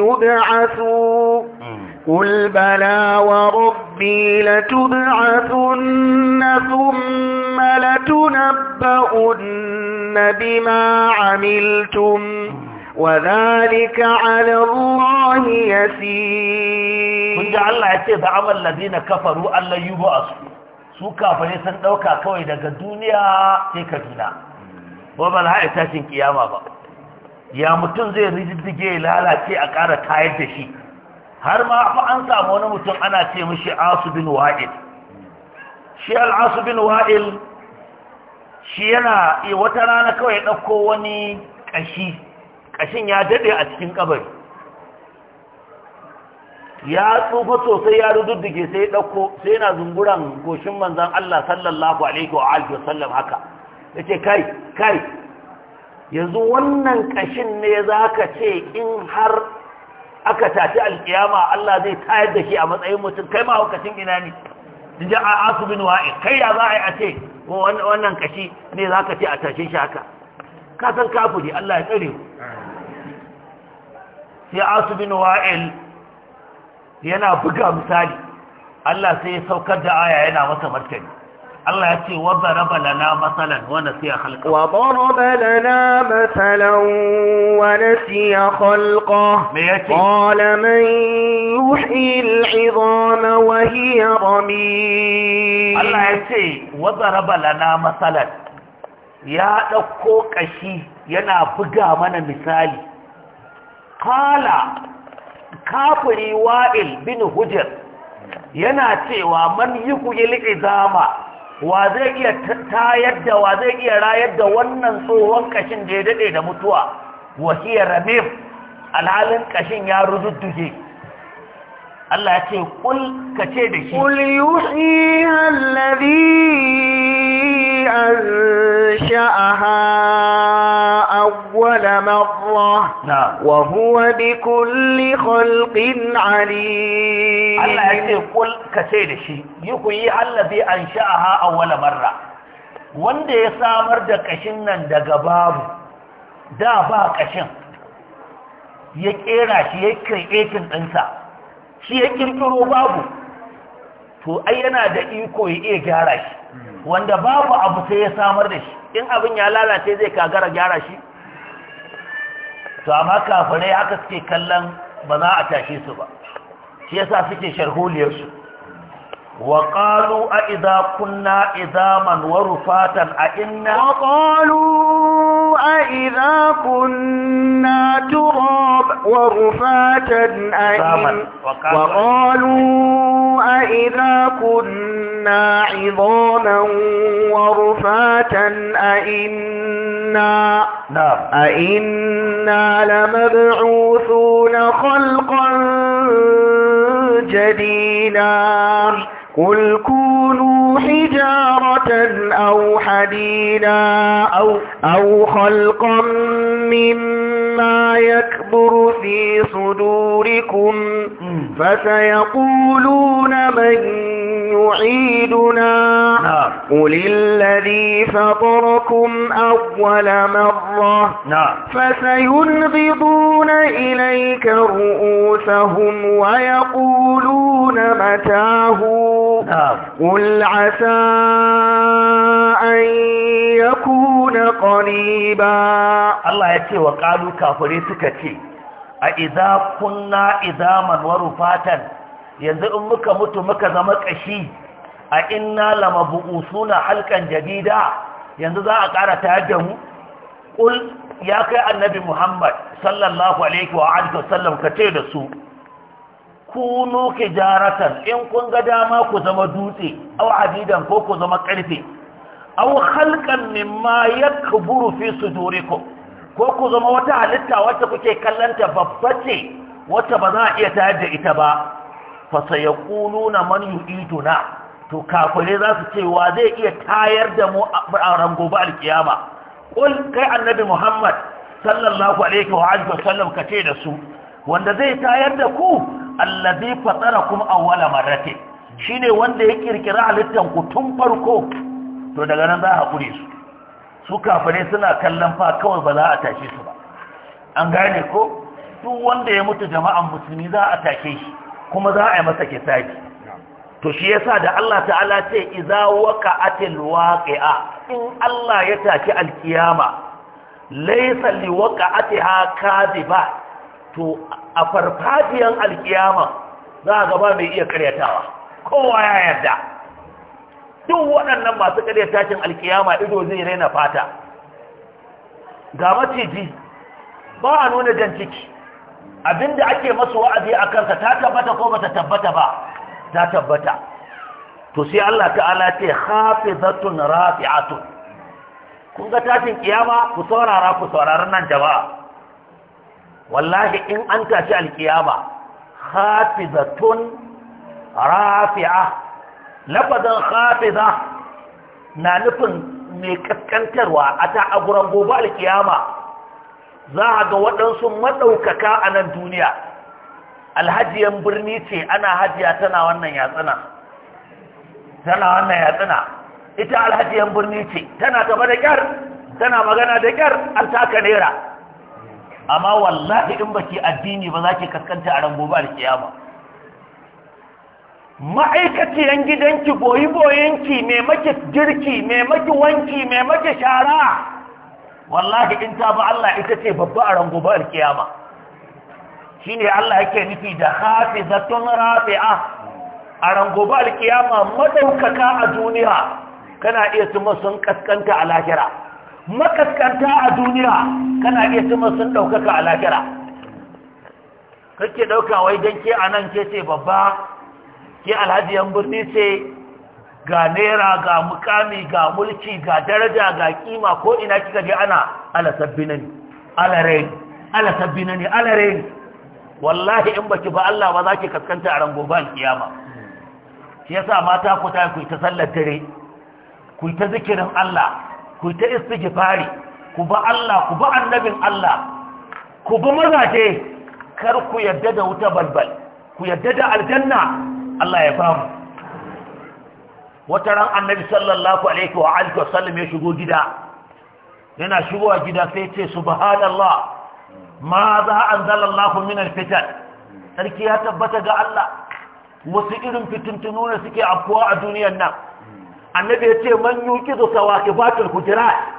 S1: يبعثوا قل بلى وربي لتبعثن ثم لتنبؤن بما عملتم وذلك على الله يسير
S2: kun ji Allah ya ce da amal ladina kafaru Allah yub'as su kafare sun dauka kawai daga duniya sai kaduna ba bal ha'i tashin kiyama ba ya mutum zai riddige lalace a ƙara tayar da shi har ma fa an samu wani mutum ana ce mishi asu bin wa'il shi al-asu bin wa'il shi yana wata rana kawai ɗauko wani ƙashi ƙashin ya daɗe a cikin kabari ya tsufa sosai ya rududdige sai ɗauko sai yana zunguran goshin manzan Allah sallallahu alaihi wa alihi wasallam haka ya ce kai kai yanzu wannan ƙashin ne za ka ce in har aka tafi alƙiyama Allah zai tayar da shi a matsayin mutum kai ma hukacin ina ne inji a asu bin wa'in kai ya za a yi a ce wannan ƙashi ne za ka ce a tashin shi haka ka san kafuri Allah ya tsare sai asu bin wa'il yana buga misali Allah sai ya saukar da aya yana masa martani Allah ya ce wa daraba lana masalan wa nasiya khalqa
S1: wa daraba lana masalan wa nasiya khalqa me yace qala man yuhyi al'idama wa hiya ramim Allah ya ce
S2: wa daraba lana masalan ya dauko kashi yana buga mana misali kala kafiri wa'il bin hujjar yana cewa man yi kuyil zama wa zai iya tayar da wa zai iya rayar da wannan tsohon ƙashin da ya daɗe da mutuwa wahiyar ramif alhalin ƙashin ya rududduge
S1: Allah ya ce kul ka ce da shi kul yuhi an ansha'aha أول مرة نعم وهو بكل خلق عليم
S2: الله يقول قل كسيد شيء يقول الذي أنشأها أول مرة wanda ya samar da kashin nan daga babu da ba kashin ya kera shi ya kirkitin ɗinsa shi ya kirkiro babu to ai yana da iko ya iya gyara shi wanda babu abu sai ya samar da shi in abin ya lalace zai kagara gyara shi to amma kafirai haka suke kallon ba za a tashe su ba shi yasa suke sharholiyar su وقالوا أئذا كنا إذاما ورفاتا أئنا
S1: وقالوا أإذا كنا تراب ورفاتا أئن وقالوا أإذا كنا عظاما ورفاتا أئنا نعم. أئنا لمبعوثون خلقا جديدا قل كونوا حجارة أو حديدا أو, أو خلقا مما يكبر في صدوركم فسيقولون من يعيدنا نعم. قل الذي فطركم أول مرة نعم. فسينغضون إليك رؤوسهم ويقولون متاهون قل عسى أن يكون قريبا الله يتي وقالوا
S2: كافري سكتي أإذا كنا إذاما ورفاتا yanzu in muka mutu muka zama ƙashi a inna lamabu'usuna halkan Jarida, yanzu za a ƙara tayar da mu ƙul ya kai annabi muhammad sallallahu alaihi ka da su kunu jaratar in kun ga dama ku zama dutse aw hadidan ko ku zama karfe aw khalqan mimma yakburu fi sudurikum ko ku zama wata halitta wacce kuke kallanta babba ce wacce ba za a iya tayar da ita ba fa na man yu'iduna to kafire za su ce wa zai iya tayar da mu a ran gobe alkiyama Kul kai annabi muhammad sallallahu alaihi wa wa sallam kace da su wanda zai tayar da ku allazi fatarakum awwala marratin shine wanda ya kirkira halittan ku tun farko to daga nan za a hakuri su su kafare suna kallon fa kawai ba za a tashe su ba an gane ko duk wanda ya mutu jama'an musulmi za a tashe shi kuma za a yi masa kisabi to shi yasa da Allah ta'ala ce iza waqa'atil waqi'a in Allah ya tashi alkiyama laysa liwaqa'atiha kadiba to a farfajiyan alkiyama za a gaba mai iya karyatawa kowa ya yarda duk waɗannan masu karyatacin alkiyama ido zai raina fata ga maciji ba a nuna jan ciki abinda ake masu wa'azi a kansa ta tabbata ko bata tabbata ba ta tabbata to sai Allah ta'ala ce hafizatun rafi'atun kun ga tashin kiyama ku saurara ku sauraron nan jama'a wallahi in an tashi alkiyama tun rafi'a lafazin hafiza na nufin mai kaskantarwa a ta aguran gobe alkiyama za a ga waɗansu maɗaukaka a nan duniya alhajiyan birni ce ana hajiya tana wannan yatsuna tana wannan yatsuna ita alhajiyan birni ce tana gaba da ƙyar tana magana da ƙyar an taka naira amma wallahi in baki addini ba zaki ki kaskanta a ran gobe alkiyama ma'aikaciyan gidanki boyi-boyinki mai maki girki mai maki wanki mai maki shara wallahi in ta ba Allah ita ce babba a rango ba alkiyama shi ne Allah yake nufi da hafi zaton rafi'a a rango ba alkiyama madaukaka a duniya kana iya tuma sun kaskanta a lahira makaskanta a duniya kana iya tuma sun ɗaukaka a lahira kake ɗauka wai don ke a nan ke ce babba ke alhajiyan birni ce ga naira ga mukami ga mulki ga daraja ga kima ko ina kika je ana ala sabbina ala rain ala ala rain wallahi in baki ba Allah ba zaki ki kaskanta a ran gobe kiyama shi yasa mata ku ta ku ta sallar dare ku ta zikirin Allah ku ta istighfari ku ba Allah ku ba annabin Allah ku bi mazaje kar ku yadda da wuta balbal ku yadda da aljanna Allah ya bamu wata ran annabi sallallahu alaihi wa alihi wa sallam ya shigo gida yana shigowa gida sai ce subhanallah ma za anzalallahu min alfitan sarki ya tabbata ga Allah wasu irin fitintunu ne suke afkuwa a duniyar nan annabi ya ce man yuqidu batul hujurat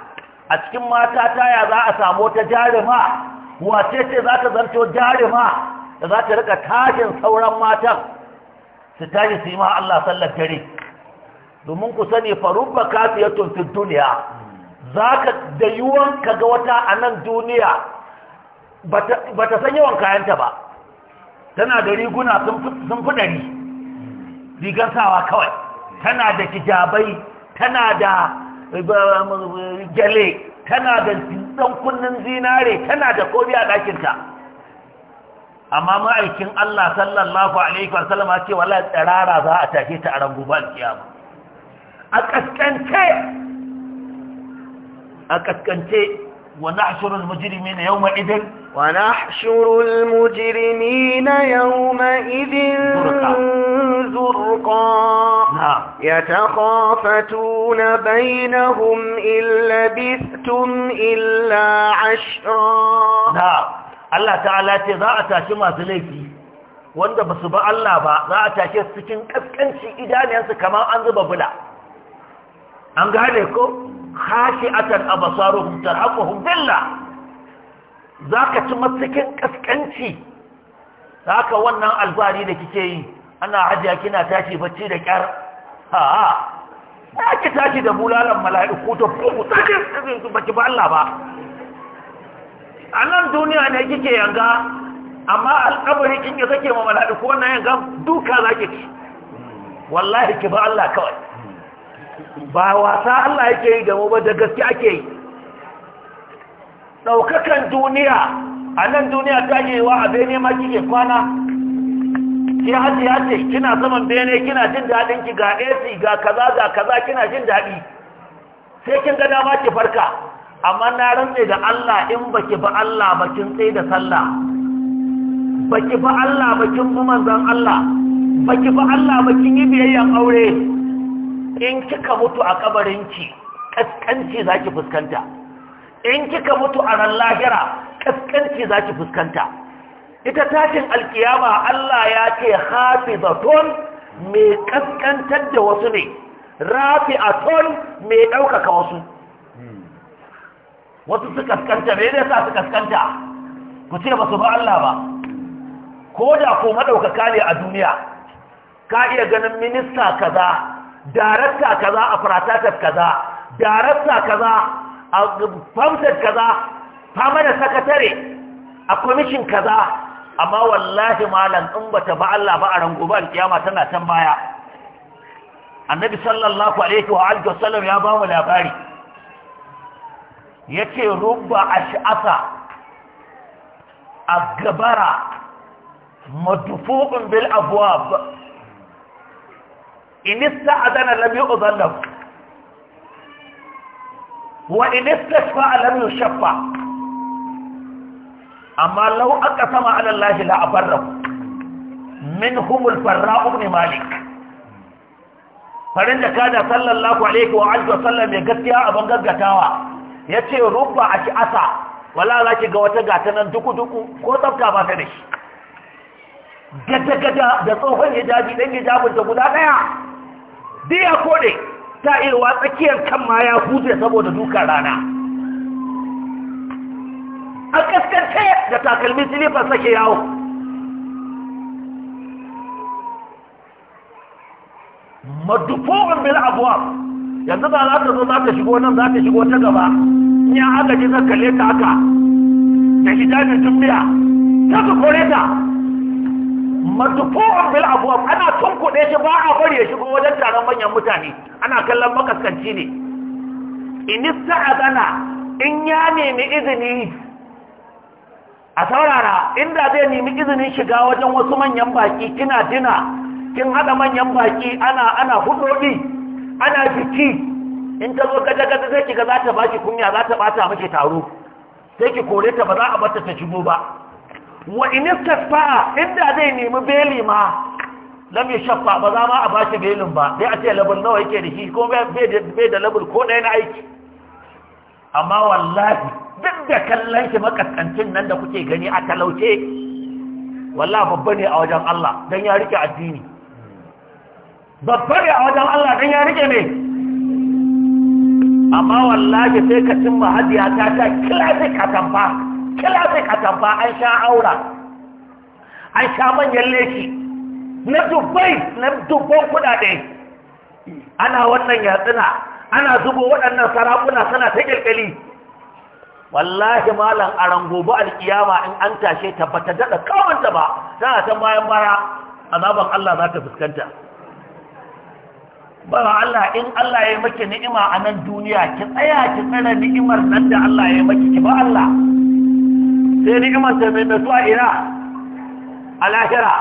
S2: a cikin mata taya za a samu ta jarima wace ce za ta zanto jarima da za ta rika tashin sauran matan su tashi su yi ma Allah sallar dare domin ku sani farubba kasiyatun fi duniya za ka da yiwuwan ka ga wata a nan duniya ba ta san yawan kayanta ba tana da riguna sun fi dari rigar sawa kawai tana da kijabai tana da ba gale tana da dan kunnen zinare tana da kobi a ɗakinta amma ma'aikin Allah sallallahu alaihi wasallam ya ce wallahi tsirara za a take ta a ran gobe alkiyama a kaskance a kaskance ونحشر المجرمين يومئذ
S1: ونحشر المجرمين يومئذ زرقا يتخافتون بينهم إن لبثتم إلا عشرا نعم الله تعالى تضاعت شما سليفي wanda basu ba Allah ba
S2: za a tashe su cikin kaskanci kamar an zuba bula an gane ko khashi'atan absaruhum tarhaquhum billah zaka ci cikin kaskanci zaka wannan alfari da kike yi ana hajiya kina tashi bacci da kyar a'a ya ki tashi da bulalan mala'iku ta fuku take su baki ba Allah ba a nan duniya ne kike yanga amma alƙabari kin ya kake ma mala'iku wannan yanga duka za zaki ci wallahi ki ba Allah kawai ba wasa Allah yake yi da mu ba da gaske ake yi Ɗaukakan duniya a nan duniya ta yi wa abe ne ma kike kwana Ki hajji ya ce kina saman bene kina jin daɗin ki ga AC ga kaza ga kaza kina jin daɗi sai kin ga dama ki farka amma na rantse da Allah in baki ba Allah bakin tsaye da sallah baki ba Allah bakin bi manzon Allah baki ba Allah bakin yi biyayyan aure in kika mutu a kabarinki kaskanci zaki fuskanta in kika mutu a ran lahira kaskanci zaki fuskanta ita tashin alkiyama Allah ya ce hafizaton mai kaskantar da wasu ne rafi'aton mai ɗaukaka wasu wasu su kaskanta me yasa su kaskanta ku ce ba su ba Allah ba ko da ko madaukaka ne a duniya ka iya ganin minista kaza darakta kaza a faratatar kaza darakta kaza a famsar kaza fama da sakatare a kwamishin kaza amma wallahi malam in bata ba Allah ba a rangoba alkiyama tana can baya annabi sallallahu alaihi wa alihi wasallam ya ba mu labari yake rubba ash'asa agbara madfuqun bil abwab in ista'adana lam yu'dhan lahu wa in istashfa lam yushaffa amma lau aka sama alallahi la'abarrahu min humul farra'u ne malik farin da kada sallallahu alaihi wa alihi wasallam mai gaskiya a bangaggatawa ya ce rubba a shi asa wala za ki ga wata gata nan duku-duku ko tsafta ba ta da shi gada-gada da tsohon hijabi ɗan ta guda ɗaya diya kone ta wa tsakiyar kan ma ya huje saboda dukan rana a kaskance da takalmin silifar sake yawo madufo'in bil abuwa yanzu ba za ta zo za ta shigo nan za ta shigo ta gaba ya aka ji zan kalle ta aka da hijabin tumbiya ta ka kore ta madufo'in bil abuwa ana kuɗe shi ba a bari ya shigo wajen taron manyan mutane ana kallon makaskanci ne inista azana in ya nemi izini a saurara inda zai nemi izinin shiga wajen wasu manyan baki kina dina kin hada manyan baki ana ana hudodi ana biki in ta zo gaja gaja sai kiga za ta baki kunya za ta bata miki taro sai ki kore ta ba za a bata ta shigo ba wa in istasfa inda zai nemi beli ma lam yashfa ba za ma a baki belin ba sai a ce labul nawa yake da shi ko bai da labul ko ɗaya na aiki amma wallahi duk da kallon shi makaskancin nan da kuke gani a talauce walla babba ne a wajen Allah don ya rike addini babba ne a wajen Allah don ya rike ne amma wallahi sai ka cimma hadiya ta ta classic atamfa classic atamfa an sha aura an sha manyan leki na dubai na dubban kudade ana wannan yatsuna ana zubo waɗannan sarakuna suna ta ƙirƙiri wallahi malam aran gobe alkiyama in an tashe tabbata kawan kawanta ba tana ta bayan baya azaban Allah za ta fuskanta ba Allah in Allah ya miki ni'ima a nan duniya ki tsaya ki tsara ni'imar nan da Allah ya maki ki ba Allah sai ni'imar ta mai mutuwa ina a lahira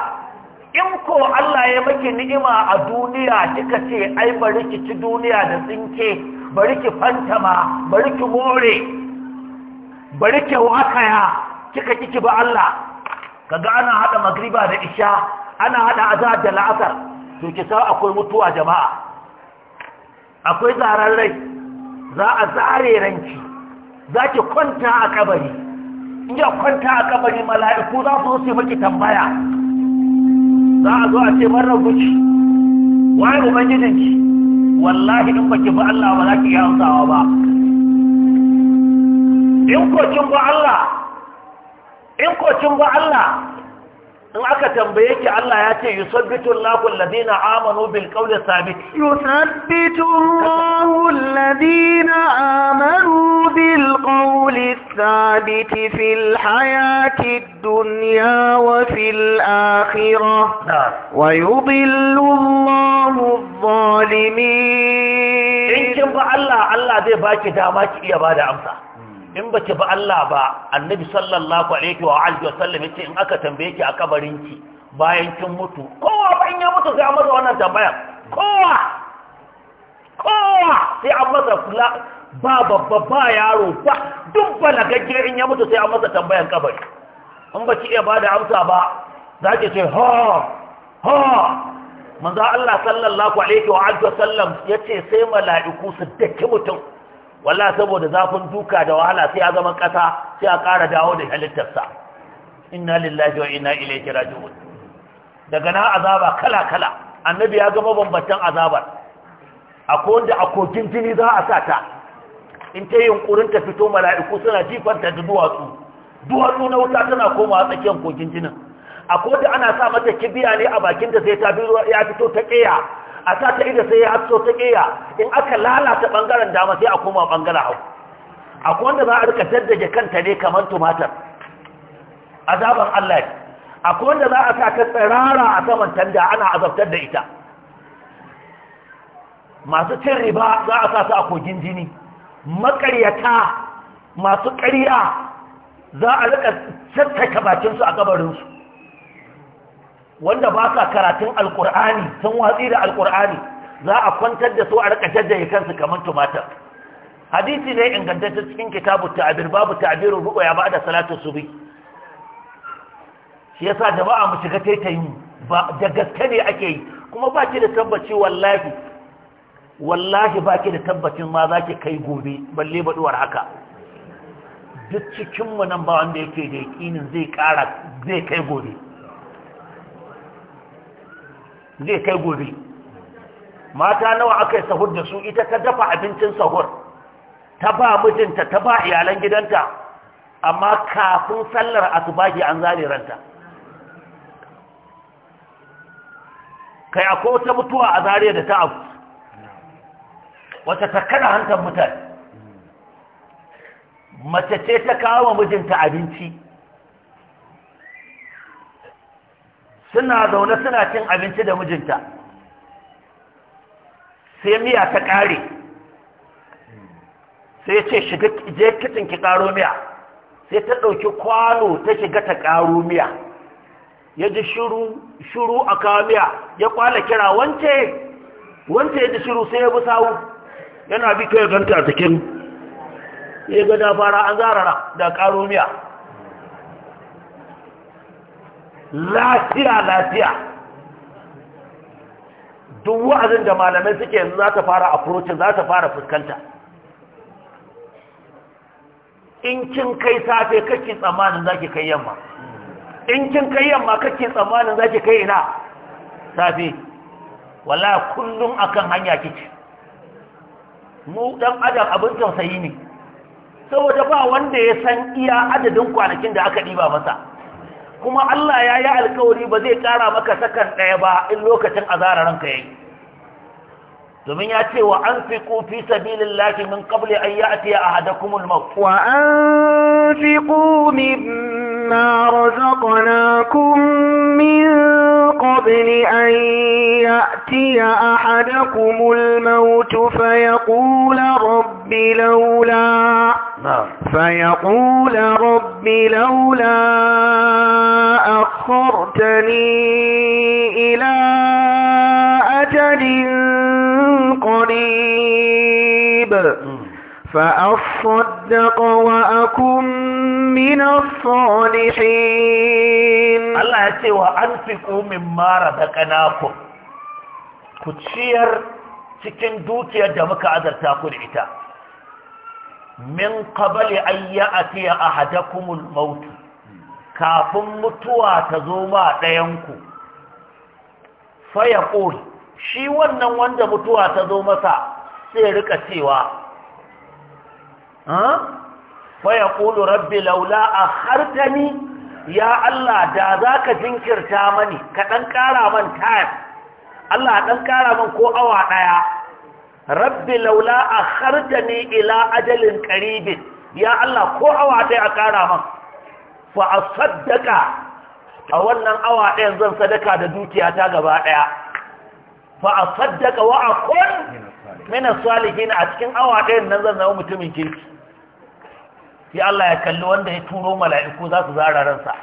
S2: in ko Allah ya maki ni'ima a duniya kika ce ai bari ki ci duniya da tsinke bari ki fantama bari ki more bari ke ya kika kiki ba Allah kaga ana hada magriba da isha ana hada azhar da la'asar to ki sa akwai mutuwa jama'a akwai zarar rai za a zare ranki za ki kwanta a kabari in ya kwanta a kabari mala'iku za su su miki tambaya za a zo a ce marar guci waye ubangijinki wallahi in baki ba Allah ba za ki yi hausawa ba in ko kin ba Allah in ko kin ba Allah in aka tambaye ki Allah ya ce yusabbitu Allahu alladhina amanu bil qawli thabit
S1: yusabbitu Allahu alladhina amanu bil qawli thabit fil hayati dunya wa fil akhirah wa yudhillu Allahu adh-dhalimin in kin ba Allah
S2: Allah zai baki dama ki iya bada amsa in ba ki ba Allah ba annabi sallallahu alaihi wa alihi wa sallam yace in aka tambaye ki a kabarin ki bayan kin mutu kowa ba in ya mutu sai an masa wannan tambaya kowa kowa sai an masa kula ba babba ba yaro ba duk balagagge in ya mutu sai an masa tambayan kabari in ba ki iya bada amsa ba za ki ce ha ha manzo Allah sallallahu alaihi wa alihi wa sallam yace sai mala'iku su dake mutum walla saboda zafin duka da wahala sai a zama ƙasa sai a ƙara dawo da halittarsa inna lillahi wa inna ilaihi raji'un daga nan azaba kala kala annabi ya ga mabambantan azabar akwai wanda a kokin jini za a sa ta in ta yunkurin ta fito mala'iku suna jifanta da duwatsu duwatsu na wuta tana komawa tsakiyar kogin jinin akwai wanda ana sa mata kibiya ne a bakinta sai ta bi ya fito ta ƙeya a sa ta ido sai ya hasso ta ƙiya in aka lalata ɓangaren dama sai a koma ɓangaren hau akwai wanda za a rika daddage kanta ne kamar tumatar azaban Allah ne akwai wanda za a sa ta tsirara a saman tanda ana azabtar da ita masu cin riba za a sa su a kogin jini makaryata masu ƙarya za a rika tattaka bakinsu a kabarinsu. wanda ba sa karatun alkur'ani sun watsi da alkur'ani za a kwantar da su a rika jajjaye kansu kamar tumatir hadisi ne ingantaccen cikin kitabu ta'abir babu ta'abirin ru'ya ba da salatu subi shi yasa jama'a mu shiga taitayin ba da gaske ne ake yi kuma ba ki da tabbaci wallahi wallahi ba ki da tabbacin ma za ki kai gobe balle baduwar haka duk cikinmu nan ba wanda yake da yakinin zai kara zai kai gobe zai kai gobe mata nawa aka yi sahur da su ita ta dafa abincin sahur ta ba mijinta ta ba iyalan gidanta amma kafin sallar asubahi an zane ranta kai akwai wata mutuwa a zare da ta abu wata takkana hantar mutane mace ce ta kawo mijinta abinci suna zaune suna cin abinci da mijinta sai miya ta ƙare sai ya ce shiga je kicin ki ƙaro miya sai ta ɗauki kwano ta shiga ta ƙaro miya ya ji shuru a kawo miya ya kwala kira wance wance ya ji shuru sai ya bi sawu yana bi ta ganta a cikin ya ga dafara fara an zarara da ƙaro miya lafiya lafiya duk wa'azin da malamai suke yanzu za ta fara approaching za ta fara fuskanta in kin kai safe kake tsammanin zaki kai yamma in kin kai yamma kake tsammanin ke kai ina safe wala kullum akan hanya kici mu dan adam abin tausayi ne saboda ba wanda ya san iya adadin kwanakin da aka diba masa kuma Allah ya yi alkawari ba zai ƙara maka sakan ɗaya ba in lokacin azara ranka yayi domin ya ce wa an fi kufi sabilin lafi min kabli an yi a tiya a hadakumul mafi wa
S1: an fi min مما رزقناكم من قبل أن يأتي أحدكم الموت فيقول رب لولا نعم. فيقول رب لولا أخرتني إلى أجل قريب نعم. فأصدق وأكن من الصالحين الله يتي
S2: وأنفقوا مما Ku ciyar cikin dukiyar da muka azarta ku da ita min qabali an ya'ti ahadakumul maut kafin mutuwa ta zo ma ɗayan ku shi wannan wanda mutuwa ta zo masa sai rika cewa fa ya ƙulu rabbi laula a hartani ya Allah da za ka jinkirta mani ka ɗan ƙara man tayar Allah ɗan ƙara man ko awa ɗaya rabbi laula a hartani ila ajalin ƙaribin ya Allah ko awa ɗaya a ƙara man fa a saddaka a wannan awa ɗayan zan sadaka da dukiya ta gaba ɗaya fa a saddaka wa a kun mina salihin a cikin awa ɗayan nan zan zama mutumin kirki sai Allah ya kalli wanda ya turo mala'iku za su zara ransa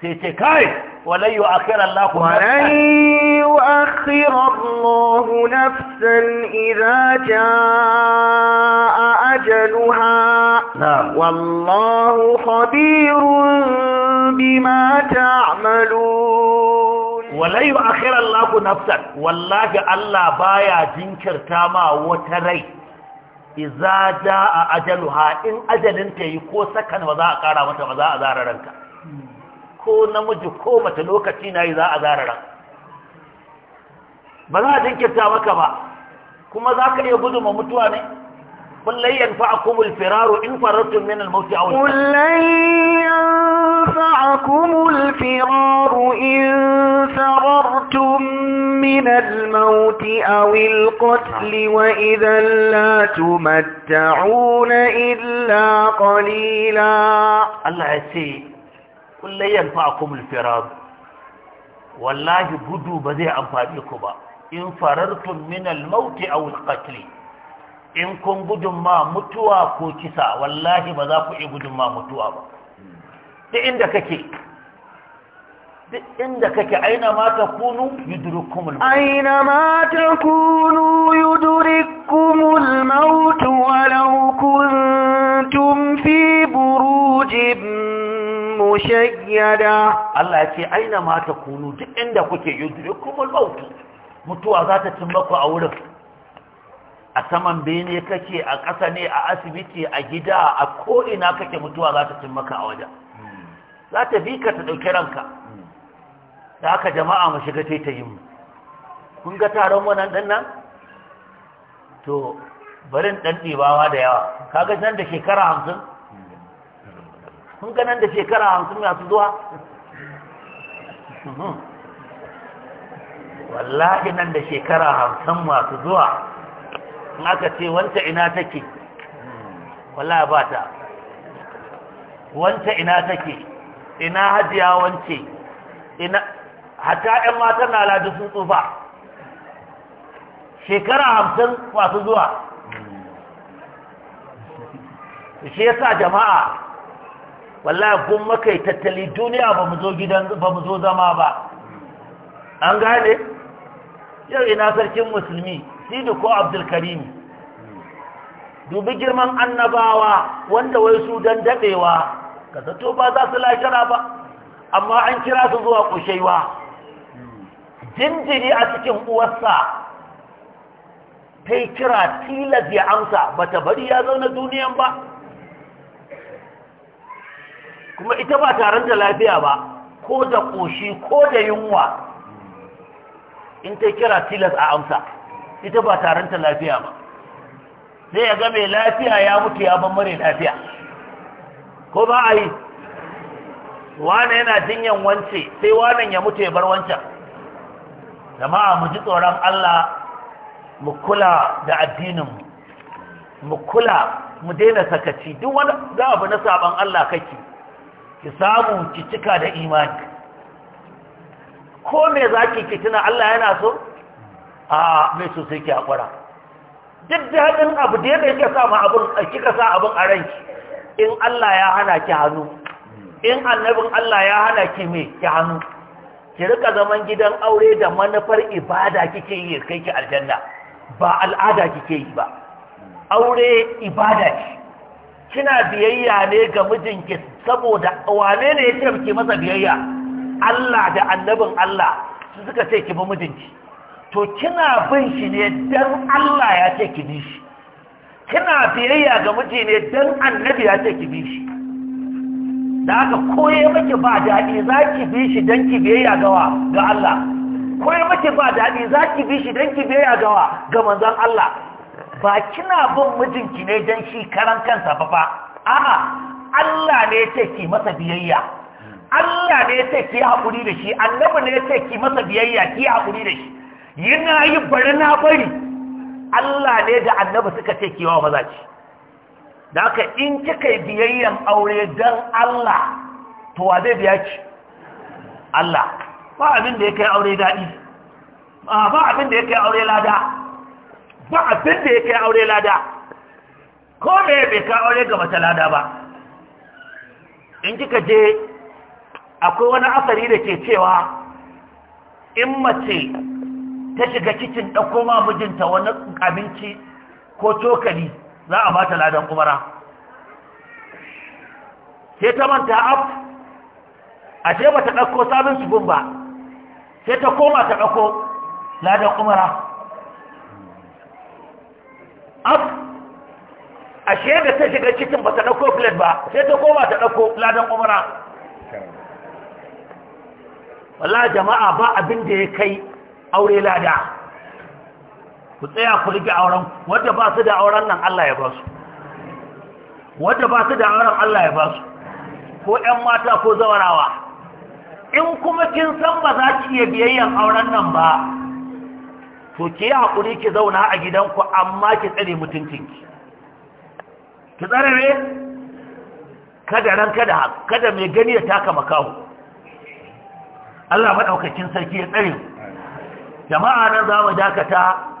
S2: sai ce kai wala yi akhir Allah ku walai
S1: yi akhir Allah nafsan idza jaa ajaluha wallahu khabirun bima ta'malun
S2: walai yi akhir Allah nafsan wallahi Allah baya jinkirta ma wata rai iza ja a ajaluha in ajalin ta yi ko sakan ba za a kara mata ba za a zara ranka ko namiji ko mata lokaci na yi za a zara ran ba za a jinkirta maka ba kuma za ka iya ma mutuwa ne
S1: قل لن ينفعكم الفرار إن فررتم من الموت أو القتل قل لن ينفعكم الفرار إن فررتم من الموت أو القتل وإذا لا تمتعون إلا قليلا الله يسي
S2: قل لا ينفعكم الفرار والله قدوا بذي أنفانيكم إن فررتم من الموت أو القتل in kun gudun ma mutuwa ko kisa wallahi ba za ku iya gudun ma mutuwa ba duk inda kake duk inda kake aina ma ta kunu yudurikumul
S1: aina ma ta kunu yudurikumul mautu walau kuntum fi burujin mushayyada
S2: Allah ya ce aina ma ta kunu duk inda kuke yudurikumul mautu mutuwa za ta cin maku a wurin a saman bene kake a ƙasa ne a asibiti a gida a ko'ina kake mutuwa za ta cin maka a waje. Hmm. za ta bi ka ta ɗauki ranka da aka jama'a mu shiga ta yi mu kun ga taron wannan ɗan nan to barin ɗan ɗibawa da yawa Ka ga nan da shekara hamsin kun ga nan da shekara hamsin masu zuwa mhm. wallahi nan da shekara hamsin masu zuwa in aka ce wanta ina take wallahi ba ta wanta ina take ina hajiya wance ina hatta 'yan matan na Ladi sun tsufa shekara hamsin masu zuwa shi sa jama'a wallahi kun makai tattali duniya ba mu zo gidan ba mu zo zama ba an gane yau ina sarkin musulmi sidi ko abdulkarim dubi girman annabawa wanda wai su dan dadewa ka ba za su lashara ba amma an kira su zuwa kushaiwa jinjiri a cikin uwarsa ta yi kira tilas ya amsa ba ta bari ya zauna duniyan ba kuma ita ba taron da lafiya ba ko da ƙoshi ko da yunwa in ta kira tilas a amsa ita ba taron da lafiya ba sai ya ga mai lafiya ya mutu ya ban mare lafiya ko ba a yi wane yana jinyan wance sai wanan ya mutu ya bar wancan jama'a mu ji tsoron Allah mu kula da addinin mu kula mu daina sakaci duk wani za abu na saban Allah kake ki samu ki cika da imani ko me za ki tuna Allah yana so a mai so sai ki hakura duk da hadin abu da yake sa ma abun kika sa abun a ranki in Allah ya hana ki hannu in annabin Allah ya hana ki me ki hannu ki rika zaman gidan aure da manufar ibada kike yi kai ki aljanna ba al'ada kike yi ba aure ibada ce kina biyayya ne ga mijinki saboda wane ne ya ce masa biyayya Allah da annabin Allah su suka ce ki bi mijinki to kina bin shi ne dan Allah ya ce ki bi shi kina biyayya ga miji ne dan annabi ya ce ki bi shi da aka koye maki ba daɗi za ki bi shi don ki biyayya gawa ga Allah koye maki ba daɗi za ki bi shi don ki biyayya gawa ga manzon Allah ba kina bin mijinki ne don shi karan kansa ba ba a'a Allah ne ya ce ki masa biyayya Allah ne ya ce ki haƙuri da shi annabi ne ya ce ki masa biyayya ki haƙuri da shi yana yi bari na bari Allah ne da annabi suka ce ki yawa maza ce da aka in kika yi biyayyen aure don Allah to wa zai biya ki Allah ba abin da ya kai aure daɗi ah, ba abin da ya kai aure lada ba abin da ya kai aure lada ko me bai kai aure ga ta lada ba in kika je akwai wani asari da ke cewa in mace ta shiga kicin ɗauko ma mijinta wani abinci ko cokali za a bata ladan umara sai ta manta af ashe ba ta ɗauko sabon sufin ba sai ta koma ta ɗauko ladan umara af ashe da ta shiga cikin ba ta ɗauko plate ba sai ta koma ta ɗauko ladan umara wala jama'a ba abin da ya kai aure lada ku tsaya ku rike auren wadda ba su da auren nan Allah ya ba su wadda ba su da auren Allah ya ba su ko 'yan mata ko zawarawa in kuma kin san ba za ki iya biyayyen auren nan ba to ki yi haƙuri ki zauna a gidanku amma ki tsare mutuncinki ki tsare ne kada ran kada kada mai gani ya taka makaho Allah maɗaukakin sarki ya tsare jama'a nan za mu dakata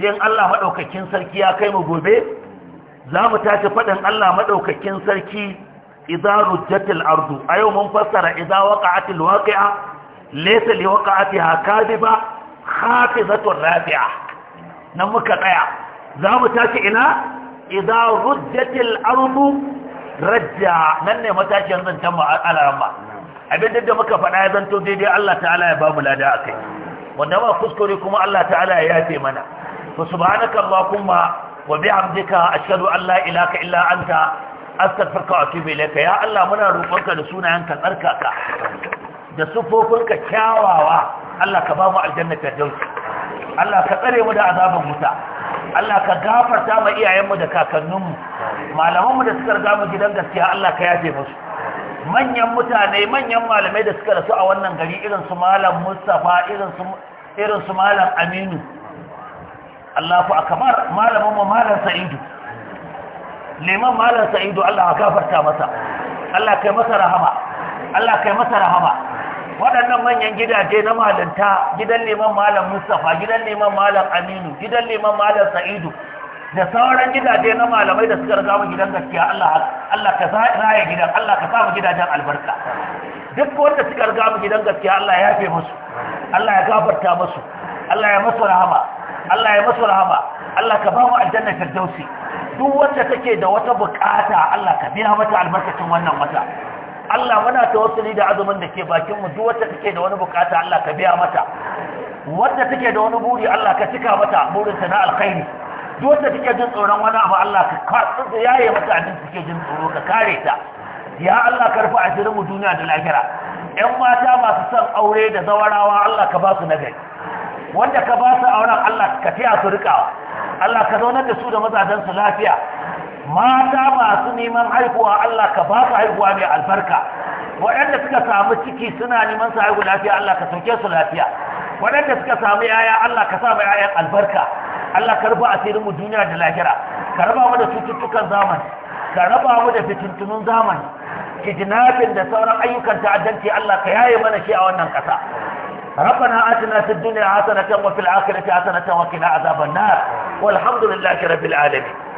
S2: sai Allah maɗaukakin sarki ya kai mu gobe za mu tashi faɗin Allah maɗaukakin sarki idza rujjatil ardu yau mun fassara waka waqa'atil waqi'a laysa li ba, hafi khafizatu rafi'a nan muka tsaya za mu tashi ina idza rujjatil ardu rajja nan ne matashin zancan mu alarma abin da muka faɗa ya zanto daidai Allah ta'ala ya ba mu lada kai. wanda ba kuskure kuma Allah ta'ala ya yafe mana فسبحانك اللهم وبحمدك أشهد أن لا إله إلا أنت أستغفرك وأتوب إليك يا الله منا روقك لسونا أنت أركك da sufofinka kyawawa Allah ka ba mu aljanna firdausi Allah ka tsare mu da azaban wuta Allah ka gafarta ma iyayenmu da kakanninmu malamanmu da suka riga mu gidan gaskiya Allah ka yafe musu manyan mutane manyan malamai da suka rasu a wannan gari irin su malam Mustafa irin su irin su malam Aminu Allah fa kamar malamin mu malam sa'idu liman malam sa'idu Allah ya gafarta masa Allah kai masa rahama Allah kai masa rahama waɗannan manyan gidaje na malanta gidan liman malam Mustafa gidan liman malam Aminu gidan liman malam Sa'idu da sauran gidaje na malamai da suka riga gidan gaskiya Allah Allah ka raya gidan Allah ka sa mu gidajen albarka duk wanda suka riga gidan gaskiya Allah ya yafe musu Allah ya gafarta musu Allah ya masa rahama Allah ya masu rahama Allah ka ba mu aljanna firdausi duk wanda take da wata bukata Allah ka biya mata albarkacin wannan wata Allah muna tawassuli da azumin da ke bakin mu duk wanda take da wani bukata Allah ka biya mata wanda take da wani buri Allah ka cika mata burinta na alkhairi duk wanda take jin tsoron wani abu Allah ka yaye mata abin take jin tsoro ka kare ta ya Allah ka rufe asirin mu duniya da lahira ƴan mata masu son aure da zawarawa Allah ka ba su nagari wanda ka ba su auren Allah ka taya su rikawa Allah ka zaunar da su da mazajen su lafiya mata masu neman haihuwa Allah ka ba su haihuwa mai albarka waɗanda suka samu ciki suna neman su haihu lafiya Allah ka sauke su lafiya waɗanda suka samu yaya Allah ka sa yayan albarka Allah ka rufa asirin mu duniya da lahira ka raba mu da cututtukan zamani ka raba mu da fitintunun zamani kidnapping da sauran ayyukan ta'addanci Allah ka yaye mana shi a wannan ƙasa ربنا آتنا في الدنيا حسنة وفي الآخرة حسنة وقنا عذاب النار والحمد لله رب العالمين